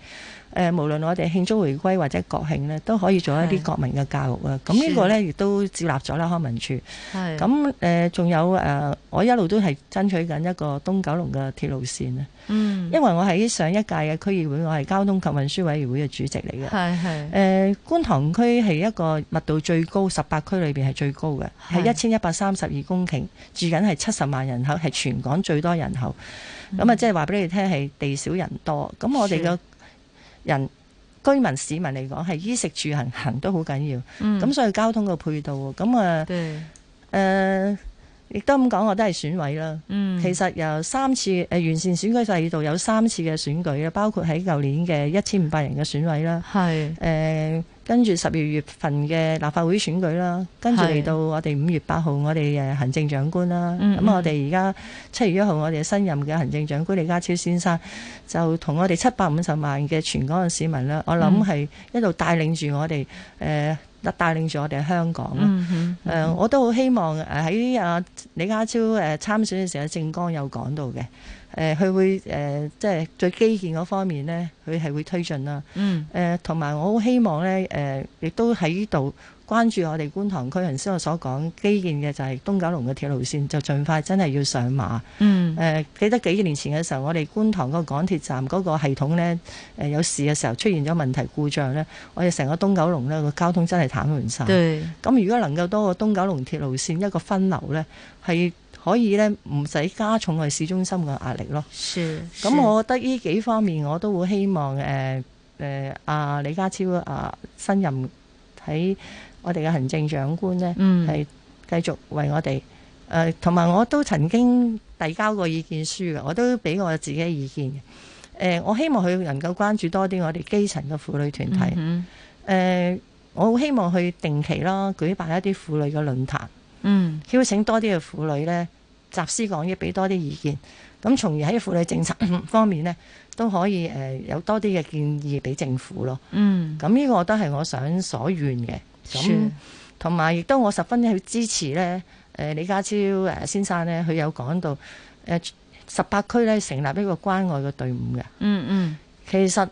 誒、呃，無論我哋慶祝回歸或者國慶呢都可以做一啲國民嘅教育啊！咁呢的個呢，亦都接納咗啦，康文署。係的。咁仲、呃、有、呃、我一路都係爭取緊一個東九龍嘅鐵路線啊！嗯。因為我喺上一屆嘅區議會，我係交通及運輸委員會嘅主席嚟嘅。係的、呃、觀塘區係一個密度最高，十八區裏面係最高嘅，係一千一百三十二公頃，住緊係七十萬人口，係全港最多人口。咁啊、嗯，即係話俾你聽係地少人多，咁我哋嘅。人居民市民嚟講係衣食住行行都好緊要。咁、嗯、所以交通嘅配套喎，咁啊，誒、呃對呃、亦都咁講，我都係選委啦。嗯、其實由三次誒、呃、完善選舉制度有三次嘅選舉啦，包括喺舊年嘅一千五百人嘅選委啦，誒是。呃跟住十二月份嘅立法會選舉啦，跟住嚟到我哋五月八號我哋誒行政長官啦，咁是我哋而家七月一號我哋新任嘅行政長官李家超先生就同我哋七百五十萬嘅全港嘅市民啦，我諗係一路帶領住我哋誒帶領住我哋香港。啦、嗯嗯呃。我都好希望喺阿李家超誒參選嘅時候，政綱有講到嘅。誒，佢、呃、會誒，即、呃、係最基建嗰方面呢，佢係會推進啦。嗯。誒、呃，同埋我好希望呢，誒、呃，亦都喺度關注我哋觀塘區，頭先我所講基建嘅就係東九龍嘅鐵路線，就盡快真係要上馬。嗯。誒、呃，記得幾年前嘅時候，我哋觀塘個港鐵站嗰個系統呢，誒、呃、有事嘅時候出現咗問題故障呢，我哋成個東九龍呢個交通真係癱瘓晒。對。咁如果能夠多個東九龍鐵路線一個分流呢，係。可以咧，唔使加重去市中心嘅壓力咯。咁，我覺得呢幾方面我都會希望誒誒阿李家超啊、呃，新任喺我哋嘅行政長官呢，係、嗯、繼續為我哋誒同埋。呃、我都曾經遞交過意見書嘅，我都俾我自己意見嘅。誒、呃，我希望佢能夠關注多啲我哋基層嘅婦女團體。誒、嗯哼呃，我好希望佢定期啦舉辦一啲婦女嘅論壇，嗯，邀請多啲嘅婦女呢。集思廣益，俾多啲意見，咁從而喺婦女政策方面呢，都可以誒、呃、有多啲嘅建議俾政府咯。嗯，咁呢個我都係我想所願嘅。咁同埋亦都我十分去支持呢。誒、呃、李家超誒先生呢，佢有講到誒十八區呢成立一個關愛嘅隊伍嘅、嗯。嗯嗯，其實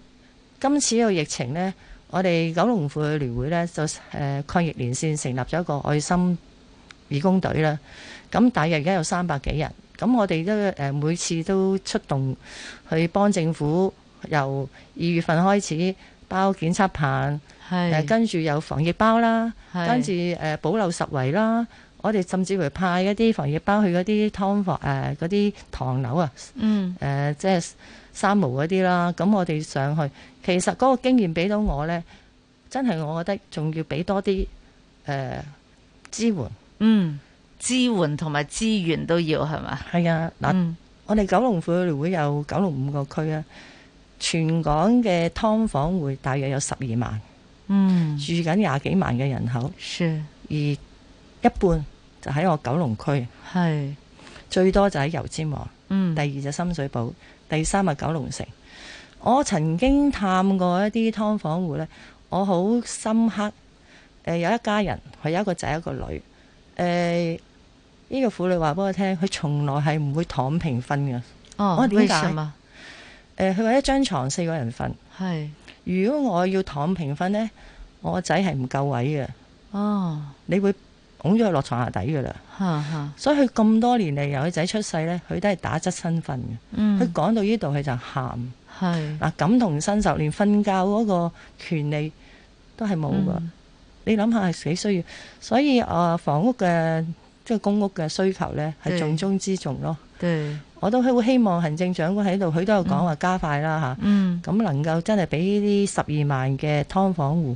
今次個疫情呢，我哋九龍婦女聯會呢，就誒、呃、抗疫連線成立咗一個愛心義工隊啦。咁大約而家有三百幾人，咁我哋都、呃、每次都出動去幫政府，由二月份開始包檢測棒，是呃、跟住有防疫包啦，是跟住、呃、保留十圍啦，我哋甚至乎派一啲防疫包去嗰啲劏房誒嗰啲唐樓啊，即係三無嗰啲啦。咁我哋上去，其實嗰個經驗俾到我呢，真係我覺得仲要俾多啲誒、呃、支援。嗯。支援同埋資源都要係嘛？係啊，嗱，我哋九龍婦聯會有九龍五個區啊，全港嘅劏房戶大約有十二萬，嗯，住緊廿幾萬嘅人口，是而一半就喺我九龍區，係，是最多就喺油尖旺，嗯，第二就是深水埗，第三咪九龍城。我曾經探過一啲劏房戶呢，我好深刻，呃，有一家人係有一個仔一個女，誒、呃。呢個婦女話，俾我聽，佢從來係唔會躺平瞓嘅。哦、oh, 問，點解？誒、呃，佢話一張床四個人瞓。係是。如果我要躺平瞓咧，我個仔係唔夠位嘅。哦。Oh. 你會拱咗佢落床下底嘅啦。 所以佢咁多年嚟，由佢仔出世咧，佢都係打側身瞓嘅。佢講、mm. 到呢度，佢就喊。係是。嗱，感同身受，連瞓覺嗰個權利都係冇㗎。Mm. 你諗下係幾需要？所以啊、呃，房屋嘅。即係公屋嘅需求呢，係重中之重咯。對對，我都好希望行政長官喺度，佢都有講話加快啦嚇。咁、嗯啊、能夠真係俾呢啲十二萬嘅劏房戶，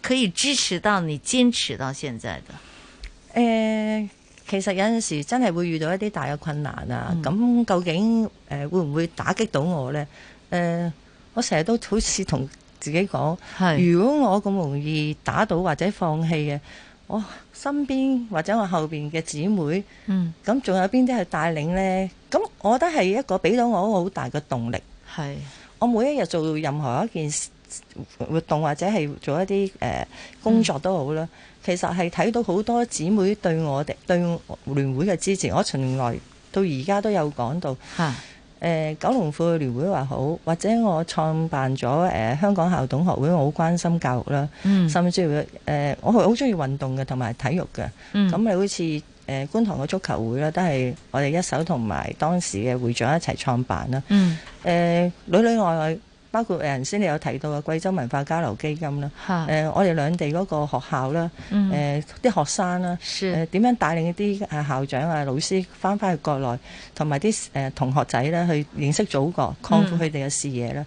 可以支持到你堅持到現在的，誒、呃，其實有陣時真係會遇到一啲大嘅困難啊，咁、嗯、究竟誒、呃、會唔會打擊到我咧？誒、呃，我成日都好似同自己講，係是如果我咁容易打倒或者放棄嘅，我身邊或者我後邊嘅姊妹，嗯，咁仲有邊啲係帶領咧？咁我覺得係一個俾到我好大嘅動力，係是我每一日做任何一件事。活動或者係做一啲誒、呃、工作都好啦，嗯、其實係睇到好多姊妹對我哋對聯會嘅支持，我從來到而家都有講到。吓、啊，誒、呃、九龍婦聯會話好，或者我創辦咗誒、呃、香港校董學會，我好關心教育啦，嗯、甚至乎誒、呃、我好中意運動嘅同埋體育嘅。咁、嗯、你好似誒、呃、觀塘嘅足球會啦，都係我哋一手同埋當時嘅會長一齊創辦啦。嗯，誒、呃、裏裏外外。包括誒，先你有提到嘅貴州文化交流基金啦，誒是、呃，我哋兩地嗰個學校啦，誒、呃、啲、嗯、學生啦，點、呃、樣帶領一啲誒校長啊、老師翻返去國內，同埋啲誒同學仔咧去認識祖國，嗯、擴闊佢哋嘅視野啦。嗯、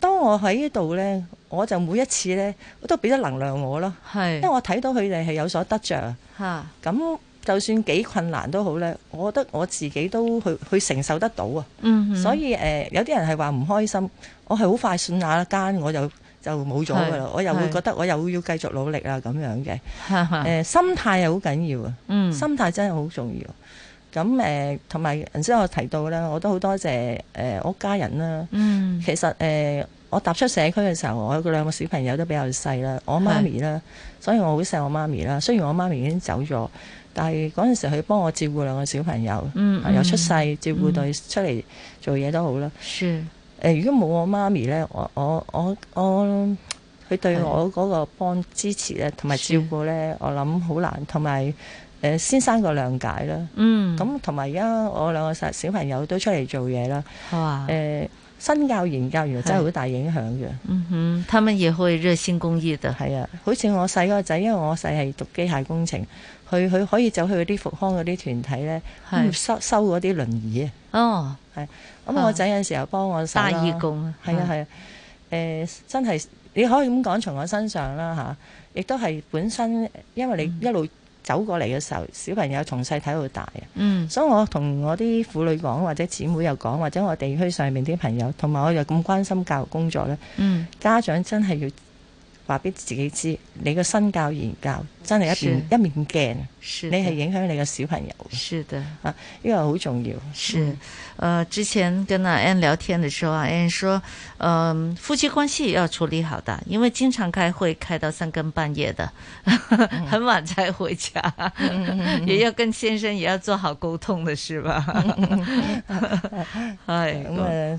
當我喺呢度咧，我就每一次咧，我都俾咗能量我咯，是因為我睇到佢哋係有所得着吓咁。是就算幾困難都好咧，我覺得我自己都去去承受得到啊。Mm hmm. 所以誒、呃，有啲人係話唔開心，我係好快算下間，我就就冇咗噶啦。是 我又會覺得我又要繼續努力啊，咁樣嘅、 呃、心態又好緊要啊。心態真係好重要。咁誒、mm，同埋頭先我提到啦，我都好多謝誒、呃、我家人啦、啊。Mm hmm. 其實誒、呃，我踏出社區嘅時候，我嗰兩個小朋友都比較細啦。我媽咪啦、啊，是所以我好錫我媽咪啦、啊。雖然我媽咪已經走咗。但係嗰陣時，佢幫我照顧兩個小朋友，又出世照顧到佢出嚟做嘢都好啦。誒是、呃，如果冇我媽咪呢，我我我我佢對我嗰個幫支持咧，同埋照顧呢，是我諗好難。同埋誒先生個諒解啦。咁同埋而家我兩個細小朋友都出嚟做嘢啦。誒哇、呃，新教研究原來真係好大影響嘅。嗯哼，他們也會熱心公益的，係啊，好似我細個仔，因為我細係讀機械工程。佢佢可以走去啲復康嗰啲團體呢，咁是收收嗰啲輪椅啊。哦，係。咁我仔有時候幫我手。帶、啊、義工。係啊係。誒、呃，真係你可以咁講，從我身上啦吓，亦都係本身，因為你一路走過嚟嘅時候，嗯、小朋友從細睇到大啊。嗯。所以我同我啲婦女講，或者姊妹又講，或者我地區上面啲朋友，同埋我又咁關心教育工作呢。嗯。家長真係要。話俾自己知，你個身教言教真係一面一面鏡，你係影響你個小朋友。是的，啊，呢個好重要。是，誒，之前跟阿 N 聊天的時候，阿 N 說，嗯，夫妻關係要處理好的，因為經常開會開到三更半夜的，很晚才回家，也要跟先生也要做好溝通的，是吧？係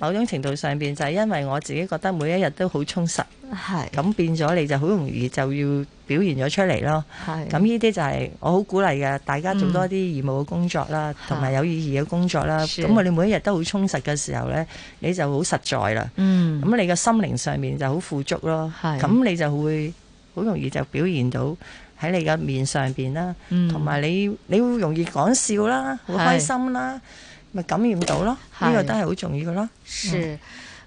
某種程度上邊就係、是、因為我自己覺得每一日都好充實，係咁是變咗你就好容易就要表現咗出嚟咯，係咁呢啲就係我好鼓勵嘅，大家做多啲義務嘅工作啦，同埋、嗯、有意義嘅工作啦。咁我哋每一日都好充實嘅時候呢，你就好實在啦，嗯，咁你嘅心靈上面就好富足咯，係咁是你就會好容易就表現到喺你嘅面上邊啦，同埋、嗯、你你會容易講笑啦，好開心啦。是嗯咪感染到咯，呢是個都係好重要㗎咯。是，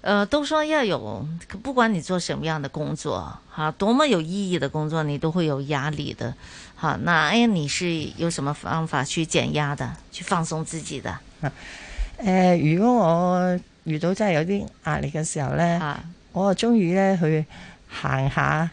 呃，都說要有，不管你做什麼樣的工作，吓、啊，多麼有意義的工作，你都會有壓力的。好、啊，那哎，你是有什麼方法去減壓的，去放鬆自己的？誒、啊呃，如果我遇到真係有啲壓力嘅時候咧，啊我啊中意咧去行下，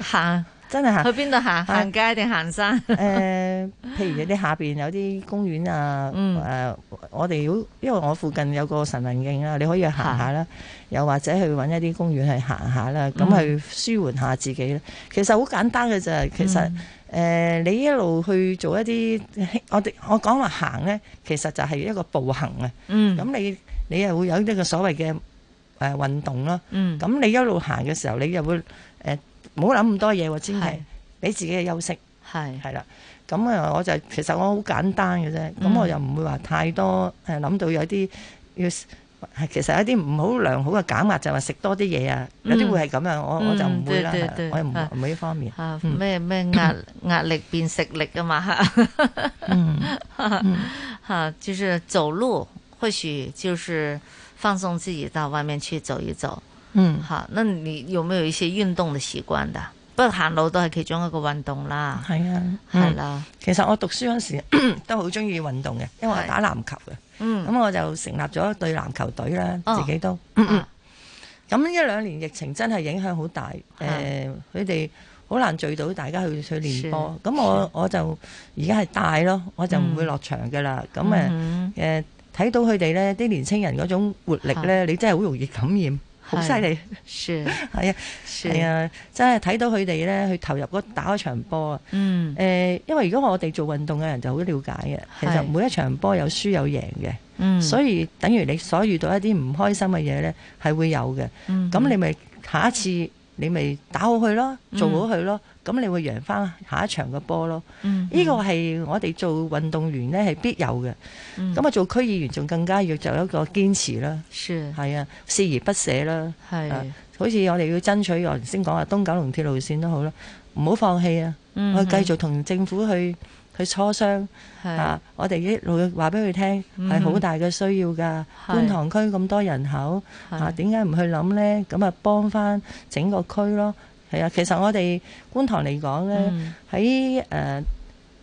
行， 真係行，去邊度行？行街定行山？誒、啊。呃譬如你啲下邊有啲公園啊，誒、嗯呃，我哋如果因為我附近有個神文徑啊，你可以行下啦，的又或者去搵一啲公園去行下啦，咁去舒緩下自己、嗯、其實好簡單嘅啫，其實誒、呃，你一路去做一啲我哋我講話行咧，其實就係一個步行啊。咁、嗯、你你又會有呢個所謂嘅誒運動啦、啊。咁、嗯、你一路行嘅時候，你又會誒冇諗咁多嘢、啊，只係俾自己嘅休息。係係啦。的咁啊，我就其實我好簡單嘅啫，咁我又唔會話太多誒，諗、嗯、到有啲要其實有啲唔好良好嘅減壓就係、話、食多啲嘢啊，嗯、有啲會係咁啊，我、嗯、我就唔會啦，嗯嗯、對對對我又唔唔會呢方面。咩咩、啊、壓壓力變食力啊嘛，吓，好，就是走路，或許就是放鬆自己到外面去走一走。嗯，吓、啊，那你有沒有一些運動嘅習慣的？不過行路都係其中一個運動啦，係啊，係啦。其實我讀書嗰時都好中意運動嘅，因為我打籃球嘅，咁我就成立咗一隊籃球隊啦，自己都。咁一兩年疫情真係影響好大，誒，佢哋好難聚到大家去去練波。咁我我就而家係大咯，我就唔會落場㗎啦。咁誒誒，睇到佢哋呢啲年青人嗰種活力呢，你真係好容易感染。好犀利，係 啊，係啊是，真係睇到佢哋咧去投入嗰打嗰場波啊。嗯，誒、呃，因為如果我哋做運動嘅人就好了解嘅，是其實每一場波有輸有贏嘅。嗯，所以等於你所遇到一啲唔開心嘅嘢咧，係會有嘅。嗯，咁你咪下一次、嗯、你咪打好去咯，做好去咯。咁你會贏翻下一場嘅波咯，呢、mm hmm. 個係我哋做運動員呢係必有嘅。咁啊、mm hmm. 做區議員仲更加要，就有一個堅持啦，係是啊，視而不捨，鍥而不捨啦，係是、啊。好似我哋要爭取我頭先講話東九龍鐵路線都好啦，唔好放棄啊，去、mm hmm. 繼續同政府去去磋商嚇是、啊。我哋一路話俾佢聽係好大嘅需要㗎，是觀塘區咁多人口嚇，點解唔去諗呢？咁啊幫翻整個區咯。係啊，其實我哋觀塘嚟講咧，喺誒、嗯呃、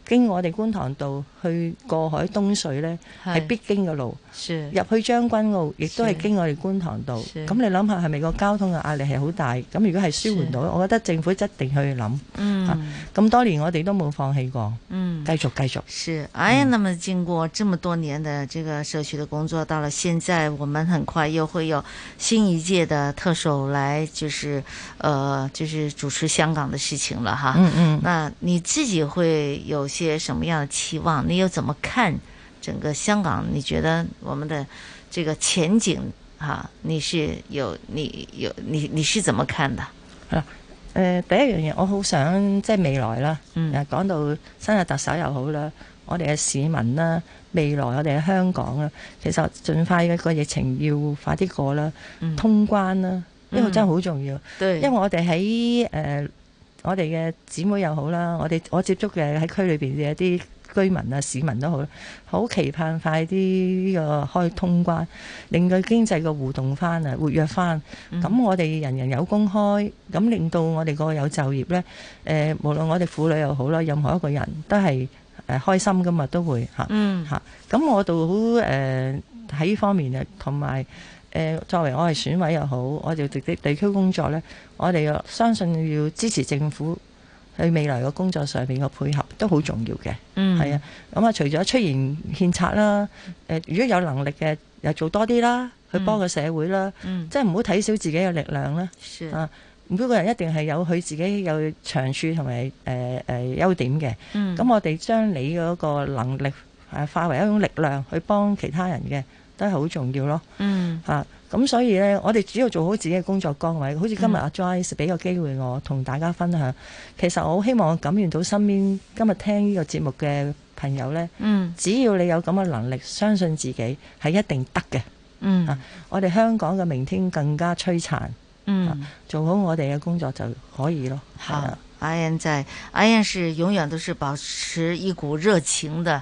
經我哋觀塘道，去過海東水呢，係必經嘅路，是是入去將軍澳，亦都係經我哋觀塘道。咁你諗下，係咪個交通嘅壓力係好大？咁如果係舒緩到，是我覺得政府一定去諗。嗯，咁、啊、多年我哋都冇放棄過，嗯繼，繼續繼續。是，哎、嗯，呀，那麼經過這麼多年的這個社區的工作，到了現在，我們很快又會有新一屆的特首來，就是、呃，就是主持香港的事情了，哈、啊。嗯嗯。那你自己會有些什麼樣的期望？你？你又怎麼看整個香港？你覺得我們的這個前景哈、啊？你是有你有你你是怎麼看的？誒，第一樣嘢，我好想即係未來啦。嗯，講到新嘅特首又好啦，我哋嘅市民啦，未來我哋嘅香港啦，其實盡快呢個疫情要快啲過啦，嗯、通關啦，呢個真係好重要，嗯、對因為我哋喺誒我哋嘅姊妹又好啦，我哋我接觸嘅喺區裏邊嘅一啲。居民啊，市民都好，好期盼快啲呢個開通關，令佢經濟個互動翻啊，活躍翻。咁、mm hmm. 我哋人人有工開，咁令到我哋個有就業咧。誒、呃、無論我哋婦女又好啦，任何一個人都係誒、呃、開心噶嘛，都會，吓、啊，嗯、mm，吓、hmm. 啊，咁我度好誒喺呢方面啊同埋誒作為我哋選委又好，我哋直接地區工作咧，我哋要相信要支持政府。去未來嘅工作上面嘅配合都好重要嘅，係啊、嗯。咁啊，除咗出言獻策啦，誒、呃，如果有能力嘅又做多啲啦，去幫個社會啦，嗯、即係唔好睇小自己嘅力量啦。是啊，每個人一定係有佢自己有長處同埋誒誒優點嘅。咁、嗯、我哋將你嗰個能力誒化為一種力量去幫其他人嘅，都係好重要咯。嗯，啊。咁所以呢，我哋主要做好自己嘅工作崗位，好似今日阿 Joyce 俾個機會我同大家分享。嗯、其實我好希望感染到身邊今日聽呢個節目嘅朋友呢，嗯、只要你有咁嘅能力，相信自己係一定得嘅。嗯，啊、我哋香港嘅明天更加璀璨，嗯、啊，做好我哋嘅工作就可以咯。好，阿 N 仔，阿 a 是永遠都是保持一股熱情的。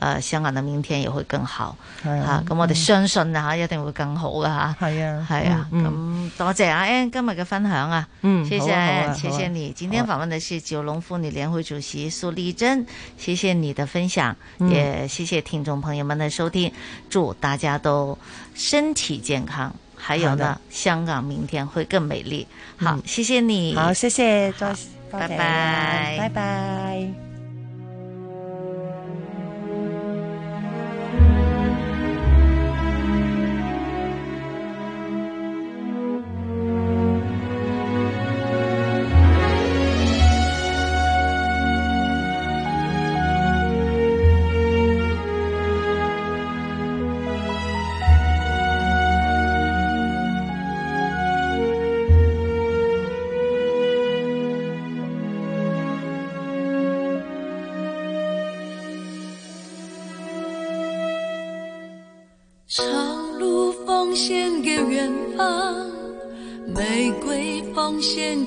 誒，香港的明天也會更好嚇，咁我哋相信嚇一定會更好嘅㗎。係啊，係啊，咁多謝阿 N 今日嘅分享啊。嗯，好啊，好啊，謝謝你，今天訪問的是九龍婦女聯會主席蘇麗珍，謝謝你的分享，也謝謝聽眾朋友們嘅收聽，祝大家都身體健康，還有呢，香港明天會更美麗。好，謝謝你，好，謝謝，再，拜拜，拜拜。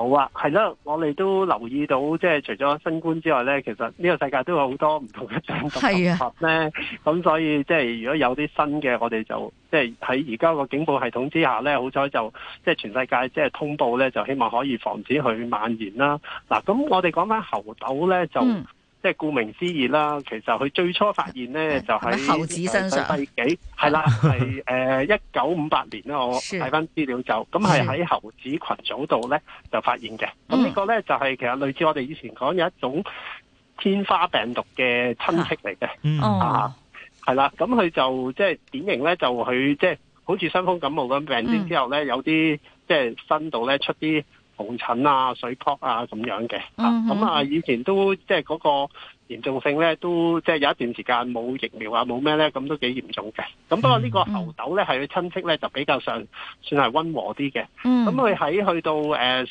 好啊，係啦，我哋都留意到，即係除咗新冠之外咧，其實呢個世界都有好多唔同嘅病毒混合咧，咁的所以即係如果有啲新嘅，我哋就即係喺而家個警報系統之下咧，好彩就即係全世界即係通報咧，就希望可以防止佢蔓延啦。嗱、啊，咁我哋講翻猴痘咧就。嗯即係顧名思義啦，其實佢最初發現咧是就喺在猴子身上，係啦，係誒一九五八年啦，我睇翻資料就咁係喺猴子群組度咧就發現嘅。咁、嗯、呢個咧就係、是、其實類似我哋以前講有一種天花病毒嘅親戚嚟嘅，嗯、啊係啦，咁佢、嗯、就即係、就是、典型咧就佢即係好似傷風感冒咁病症、嗯、之後咧有啲即係身度咧出啲。紅疹啊、水泡啊咁樣嘅，咁、mm hmm. 啊以前都即係嗰個嚴重性咧，都即係、就是、有一段時間冇疫苗啊冇咩咧，咁都幾嚴重嘅。咁不過呢個猴痘咧，係佢親戚咧就比較上算係溫和啲嘅。咁佢喺去到誒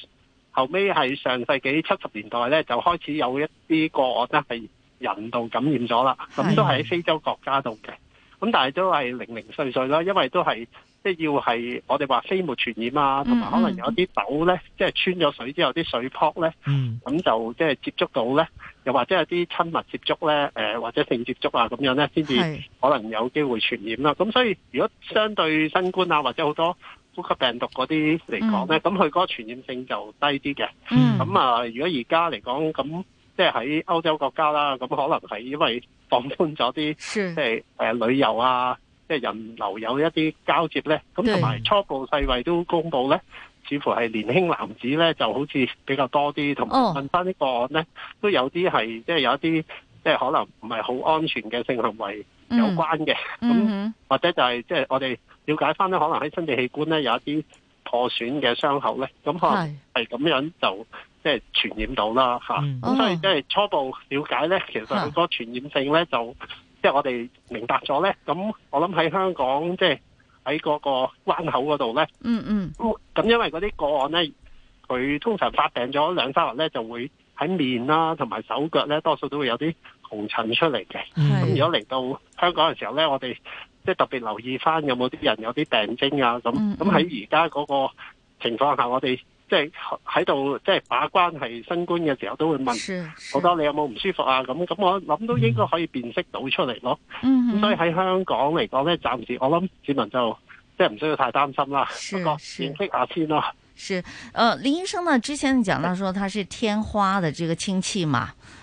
後尾係上世紀七十年代咧，就開始有一啲個案咧係人道感染咗啦。咁、mm hmm. 都係喺非洲國家度嘅。咁但係都係零零碎碎啦，因為都係即係要係我哋話飛沫傳染啊，同埋、嗯、可能有啲痘咧，即係穿咗水之後啲水泡咧，咁、嗯、就即係接觸到咧，又或者有啲親密接觸咧、呃，或者性接觸啊咁樣咧，先至可能有機會傳染啦、啊。咁是所以如果相對新冠啊或者好多呼吸病毒嗰啲嚟講咧，咁佢嗰個傳染性就低啲嘅。咁、嗯、啊，如果而家嚟講咁。即係喺歐洲國家啦，咁可能係因為放寬咗啲，是即係誒、呃、旅遊啊，即係人流有一啲交接咧。咁同埋初步世衛都公布咧，似乎係年輕男子咧就好似比較多啲。同埋問翻啲個案咧，oh. 都有啲係即係有一啲，即係可能唔係好安全嘅性行為有關嘅。咁或者就係、是、即係我哋了解翻咧，可能喺生殖器官咧有一啲破損嘅傷口咧，咁可能係咁樣就。即係傳染到啦，吓，咁所以即係初步了解咧，其實佢個傳染性咧就是、啊、即係我哋明白咗咧。咁我諗喺香港即係喺嗰個關口嗰度咧，嗯嗯。咁因為嗰啲個案咧，佢通常發病咗兩三日咧，就會喺面啦同埋手腳咧，多數都會有啲紅疹出嚟嘅。咁、嗯、如果嚟到香港嘅時候咧，我哋即係特別留意翻有冇啲人有啲病徵啊咁。咁喺而家嗰個情況下，我哋。即係喺度，即係把關係新冠嘅時候都會問，好多你有冇唔舒服啊？咁咁我諗都應該可以辨識到出嚟咯。咁、嗯、所以喺香港嚟講咧，暫時我諗市民就即係唔需要太擔心啦。是不過認識下先咯、啊。是，誒、呃，林醫生呢？之前講到說他是天花的這個親戚嘛。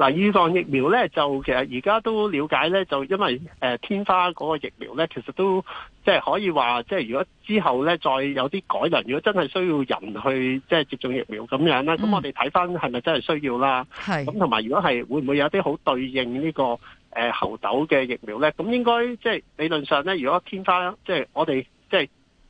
嗱，預防疫苗咧就其實而家都了解咧，就因為誒、呃、天花嗰個疫苗咧，其實都即係可以話，即係如果之後咧再有啲改良，如果真係需要人去即係接種疫苗咁樣啦咁、嗯、我哋睇翻係咪真係需要啦？係是。咁同埋如果係會唔會有啲好對應呢、這個誒猴痘嘅疫苗咧？咁應該即係理論上咧，如果天花即係我哋。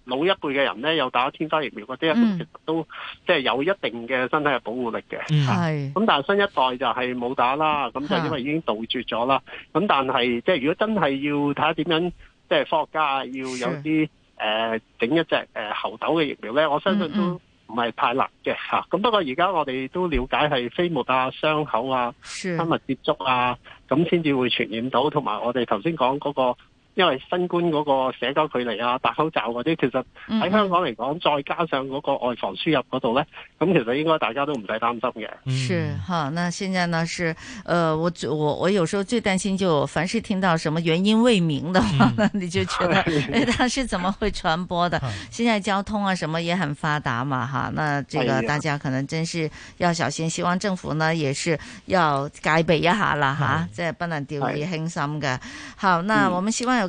老一輩嘅人咧，有打天花疫苗嗰啲，一、嗯、都即係、就是、有一定嘅身體嘅保護力嘅。係咁是、啊，但係新一代就係冇打啦，咁是就因為已經杜絕咗啦。咁、啊、但係即係如果真係要睇下點樣，即係科學家要有啲誒是、呃、整一隻誒、呃、猴痘嘅疫苗咧，我相信都唔係太難嘅咁、嗯嗯啊、不過而家我哋都了解係飛沫啊、傷口啊、是生物接觸啊，咁先至會傳染到，同埋我哋頭先講嗰個。因為新冠嗰個社交距離啊、戴口罩嗰啲，其實喺香港嚟講，嗯、再加上嗰個外防輸入嗰度呢，咁其實應該大家都唔使擔心嘅。是哈，那現在呢是，呃，我我我，我有時候最擔心就，凡是聽到什麼原因未明的話，嗯、 你就覺得是、哎、它是怎麼會傳播的。 現在交通啊，什麼也很發達嘛，哈，那這個大家可能真是要小心。希望政府呢也是要戒備一下啦，嚇是，即係不能掉以輕心嘅。是好，那我們希望有。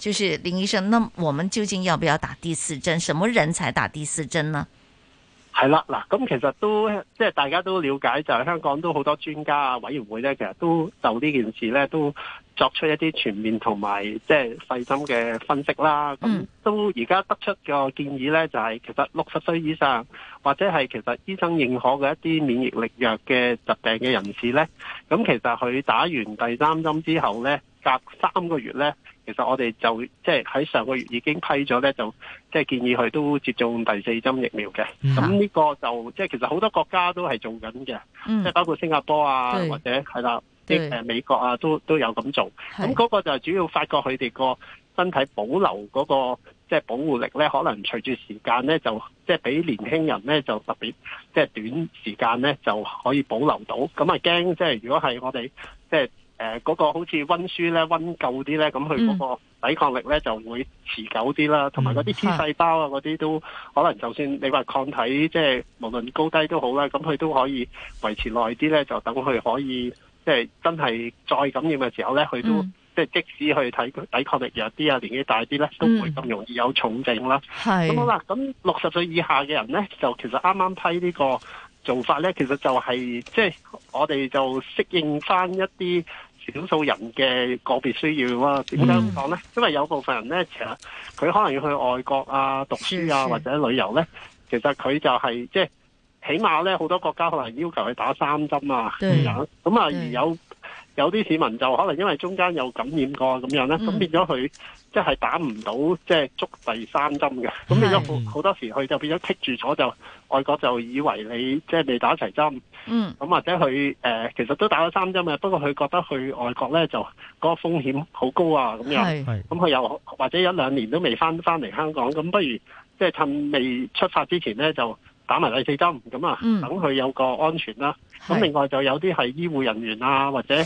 就是林醫生，那我們究竟要不要打第四針？什麼人才打第四針呢？係啦，嗱，咁其實都即係大家都了解，就是香港都好多專家啊，委員會咧，其實都就呢件事咧都作出一啲全面同埋即係細心嘅分析啦。咁、嗯、都而家得出嘅建議咧、就是，就係其實六十歲以上或者係其實醫生認可嘅一啲免疫力弱嘅疾病嘅人士咧，咁其實佢打完第三針之後咧，隔三個月咧。其實我哋就即係喺上個月已經批咗咧，就即係建議佢都接種第四針疫苗嘅。咁呢、mm hmm. 個就即係、就是、其實好多國家都係做緊嘅，即係、mm hmm. 包括新加坡啊，mm hmm. 或者係啦，即誒、啊、對美國啊，都都有咁做。咁嗰、mm hmm. 個就主要發覺佢哋個身體保留嗰、那個即係、就是、保護力咧，可能隨住時間咧，就即係俾年輕人咧就特別即係短時間咧就可以保留到。咁啊驚，即、就、係、是、如果係我哋即係。就是誒嗰、呃那個好似温書咧，温夠啲咧，咁佢嗰個抵抗力咧、嗯、就會持久啲啦。同埋嗰啲 T 細胞啊，嗰啲都可能就算你話抗體，即、就、係、是、無論高低都好啦，咁佢都可以維持耐啲咧，就等佢可以即係、就是、真係再感染嘅時候咧，佢都、嗯、即係即，即，即使去睇佢抵抗力弱啲啊，年紀大啲咧，都唔會咁容易有重症啦。咁、嗯、好啦，咁六十歲以下嘅人咧，就其實啱啱批呢個做法咧，其實就係即係我哋就適應翻一啲。少數人嘅個別需要啊，點解咁講咧？嗯、因為有部分人咧，其實佢可能要去外國啊、讀書啊或者旅遊咧，其實佢就係即係，起碼咧好多國家可能要求佢打三針啊咁對啊，而有。有啲市民就可能因為中間有感染過咁樣咧，咁、嗯、變咗佢即係打唔到即係捉第三針嘅，咁變咗好好是多時佢就變咗剔住咗，就外國就以為你即係、就是、未打齊針，咁、嗯、或者佢誒、呃、其實都打咗三針嘅，不過佢覺得去外國咧就嗰個風險好高啊咁樣，咁佢又或者一兩年都未翻翻嚟香港，咁不如即係、就是、趁未出發之前咧就。打埋第四針咁啊，等佢有個安全啦。咁、嗯、另外就有啲係醫護人員啊，是或者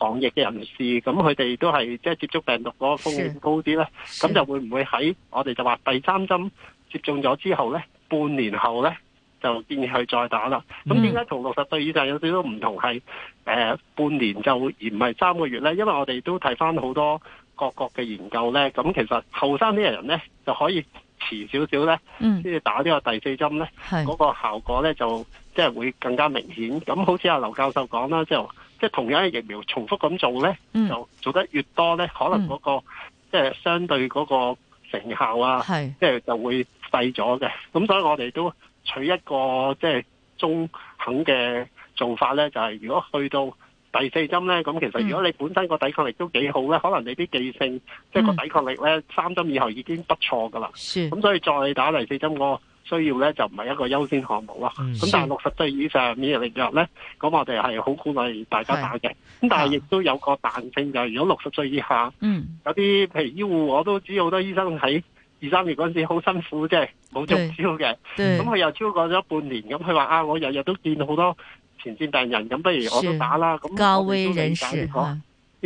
防疫嘅人士，咁佢哋都係即係接觸病毒嗰個風險高啲咧。咁就會唔會喺我哋就話第三針接種咗之後咧，半年後咧就建議佢再打啦。咁、嗯、點解同六十對以上有少少唔同係誒半年就而唔係三個月咧？因為我哋都睇翻好多各國嘅研究咧，咁其實後生啲人咧就可以。遲少少咧，即係、嗯、打呢個第四針咧，嗰是個效果咧就即係、就是、會更加明顯。咁好似阿劉教授講啦，即係即係同樣嘅疫苗重複咁做咧，嗯、就做得越多咧，可能嗰、那個即係、嗯、相對嗰個成效啊，即係是就，就會細咗嘅。咁所以我哋都取一個即係、就是、中肯嘅做法咧，就係、是、如果去到。第四針咧，咁其實如果你本身個抵抗力都幾好咧，嗯、可能你啲記性即係個抵抗力咧，嗯、三針以後已經不錯噶啦。咁是所以再打第四針，我需要咧就唔係一個優先項目啦。咁、嗯、但係六十歲以上免疫力弱咧，咁是我哋係好鼓勵大家打嘅。咁是但係亦都有個彈性，就係、啊、如果六十歲以下，嗯、有啲譬如醫護，我都知好多醫生喺二三月嗰陣時好辛苦，即係冇足焦嘅。咁佢對又超過咗半年，咁佢話啊，我日日都見到好多。前線病人咁，不如我都打啦。咁我都理解呢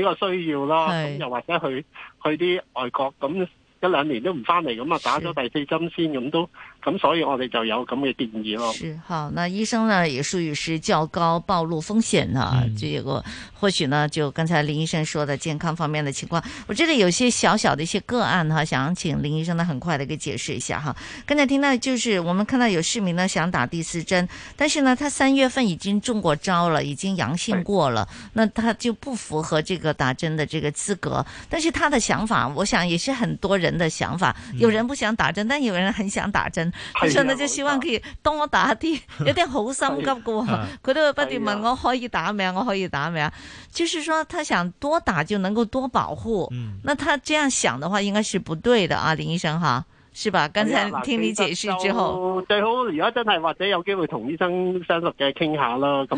個需要啦。咁、啊、又或者去去啲外國，咁一兩年都唔翻嚟，咁啊打咗第四針先，咁都。咁所以，我哋就有咁嘅建議咯。是好，那醫生呢也屬於是較高暴露風險啊。嗯、就有個，或許呢，就剛才林醫生說的健康方面的情況，我這裏有些小小的一些個案哈、啊，想請林醫生呢很快的給解釋一下哈、啊。剛才聽到就是，我們看到有市民呢想打第四針，但是呢，他三月份已經中過招了，已經陽性過了，是那他就不符合這個打針的這個資格。但是他的想法，我想也是很多人的想法，嗯、有人不想打針，但有人很想打針。我上次就希望佢多打啲，哎、呀有啲好心急嘅，佢都會不斷問我可以打咩，我可以打咩，就是說他想多打就能夠多保護。嗯、那他這樣想的話，應該是不對的啊，林醫生哈。是吧？剛才聽你解釋之後，啊、最好如果真係或者有機會同醫生相熟嘅傾下啦。咁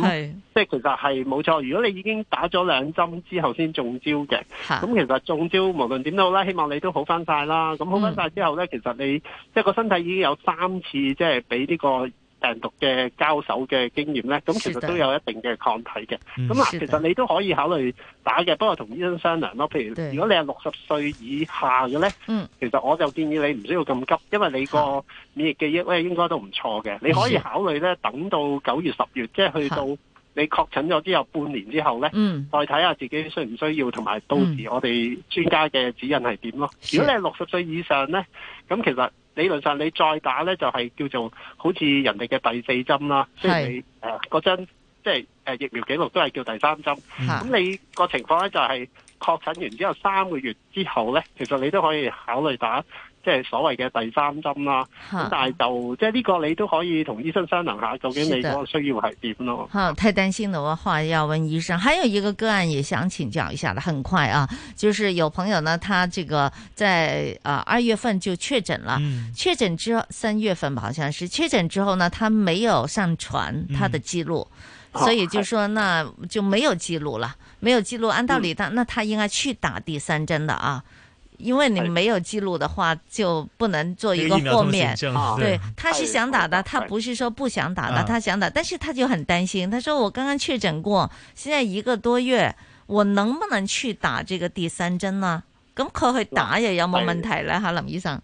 即係其實係冇錯。如果你已經打咗兩針之後先中招嘅，咁是其實中招無論點都好啦，希望你都好翻晒啦。咁好翻晒之後咧，嗯、其實你即係個身體已經有三次即係俾呢個。病毒嘅交手嘅經驗呢，咁其實都有一定嘅抗體嘅。咁啊、嗯，咁其實你都可以考慮打嘅，不過同醫生商量咯。譬如對如果你係六十歲以下嘅呢，嗯、其實我就建議你唔需要咁急，因為你個免疫記憶呢應該都唔錯嘅。嗯、你可以考慮呢，等到九月十月，10月嗯、即係去到你確診咗之後半年之後呢，嗯、再睇下自己需唔需要，同埋到時我哋專家嘅指引係點咯。嗯、如果你係六十歲以上呢，咁其實。理論上你再打呢就係、是、叫做好似人哋嘅第四針啦，即係是你嗰陣即係疫苗記錄都係叫第三針。咁是你個情況呢，就係確診完之後三個月之後呢，其實你都可以考慮打。即係所謂嘅第三針啦、啊，咁好但係就即係呢個你都可以同醫生商量下，究竟你嗰個需要係點咯。太擔心先咯，我話要問醫生。還有一個個案也想請教一下啦，很快啊，就是有朋友呢，他這個在啊二、呃、月份就確診了，確診、嗯、之後三月份吧，好像是確診之後呢，他沒有上傳、嗯、他的記錄，哦、所以就說那的就沒有記錄了，沒有記錄，按道理的，但、嗯、那他應該去打第三針的啊。因為你沒有記錄的話，就不能做一個豁免。對，他是想打的，他不是說不想打的，他想打，但是他就很擔心。他說：“我剛剛確診過，現在一個多月，我能不能去打這個第三針呢？”咁佢去打又有冇問題呢吓，林醫生。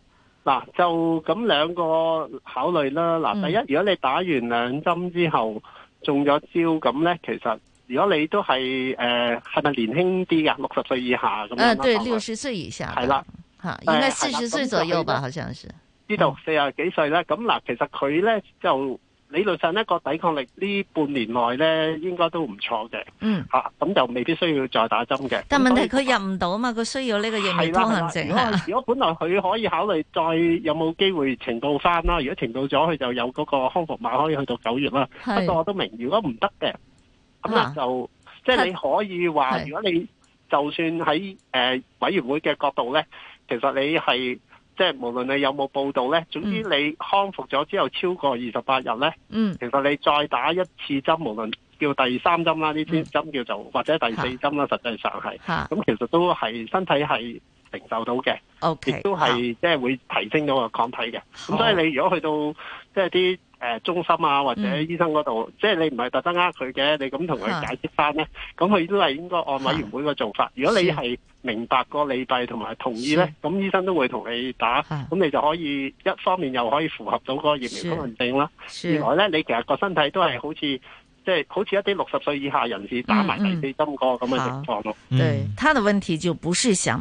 嗱，就咁兩個考慮啦。嗱，第一，如果你打完兩針之後中咗招，咁咧其實。如果你都係誒，係咪年輕啲噶？六十歲以下咁樣講，對，六十歲以下係啦，吓應該四十歲左右吧，好似係呢度四十幾歲咧。咁嗱，其實佢咧就理論上一個抵抗力，呢半年內咧應該都唔錯嘅。嗯，吓咁就未必需要再打針嘅。但問題佢入唔到啊嘛，佢需要呢個疫苗通行證啊。如果本來佢可以考慮再有冇機會程度翻啦，如果程度咗，佢就有嗰個康復碼可以去到九月啦。不過我都明，如果唔得嘅。咁啊，就即係你可以話，是如果你就算喺誒、呃、委員會嘅角度咧，其實你係即係無論你有冇報道咧，總之你康復咗之後超過二十八日咧，嗯，其實你再打一次針，無論叫第三針啦，呢啲針叫做或者第四針啦，實際上係，咁、啊、其實都係身體係承受到嘅，亦 Okay，都係即係會提升到個抗體嘅。咁所以你如果去到即係啲。就是誒中心啊，或者醫生嗰度，嗯、即係你唔係特登呃佢嘅，你咁同佢解釋翻咧，咁佢都係應該按委員會嘅做法。啊、如果你係明白個利弊同埋同意咧，咁是醫生都會同你打，咁、啊、你就可以一方面又可以符合到個個疫苗通行證啦。二來咧，你其實個身體都係好似即係好似一啲六十歲以下人士打埋第四針嗰個咁嘅情況咯。嗯嗯嗯、對他嘅問題就不是想。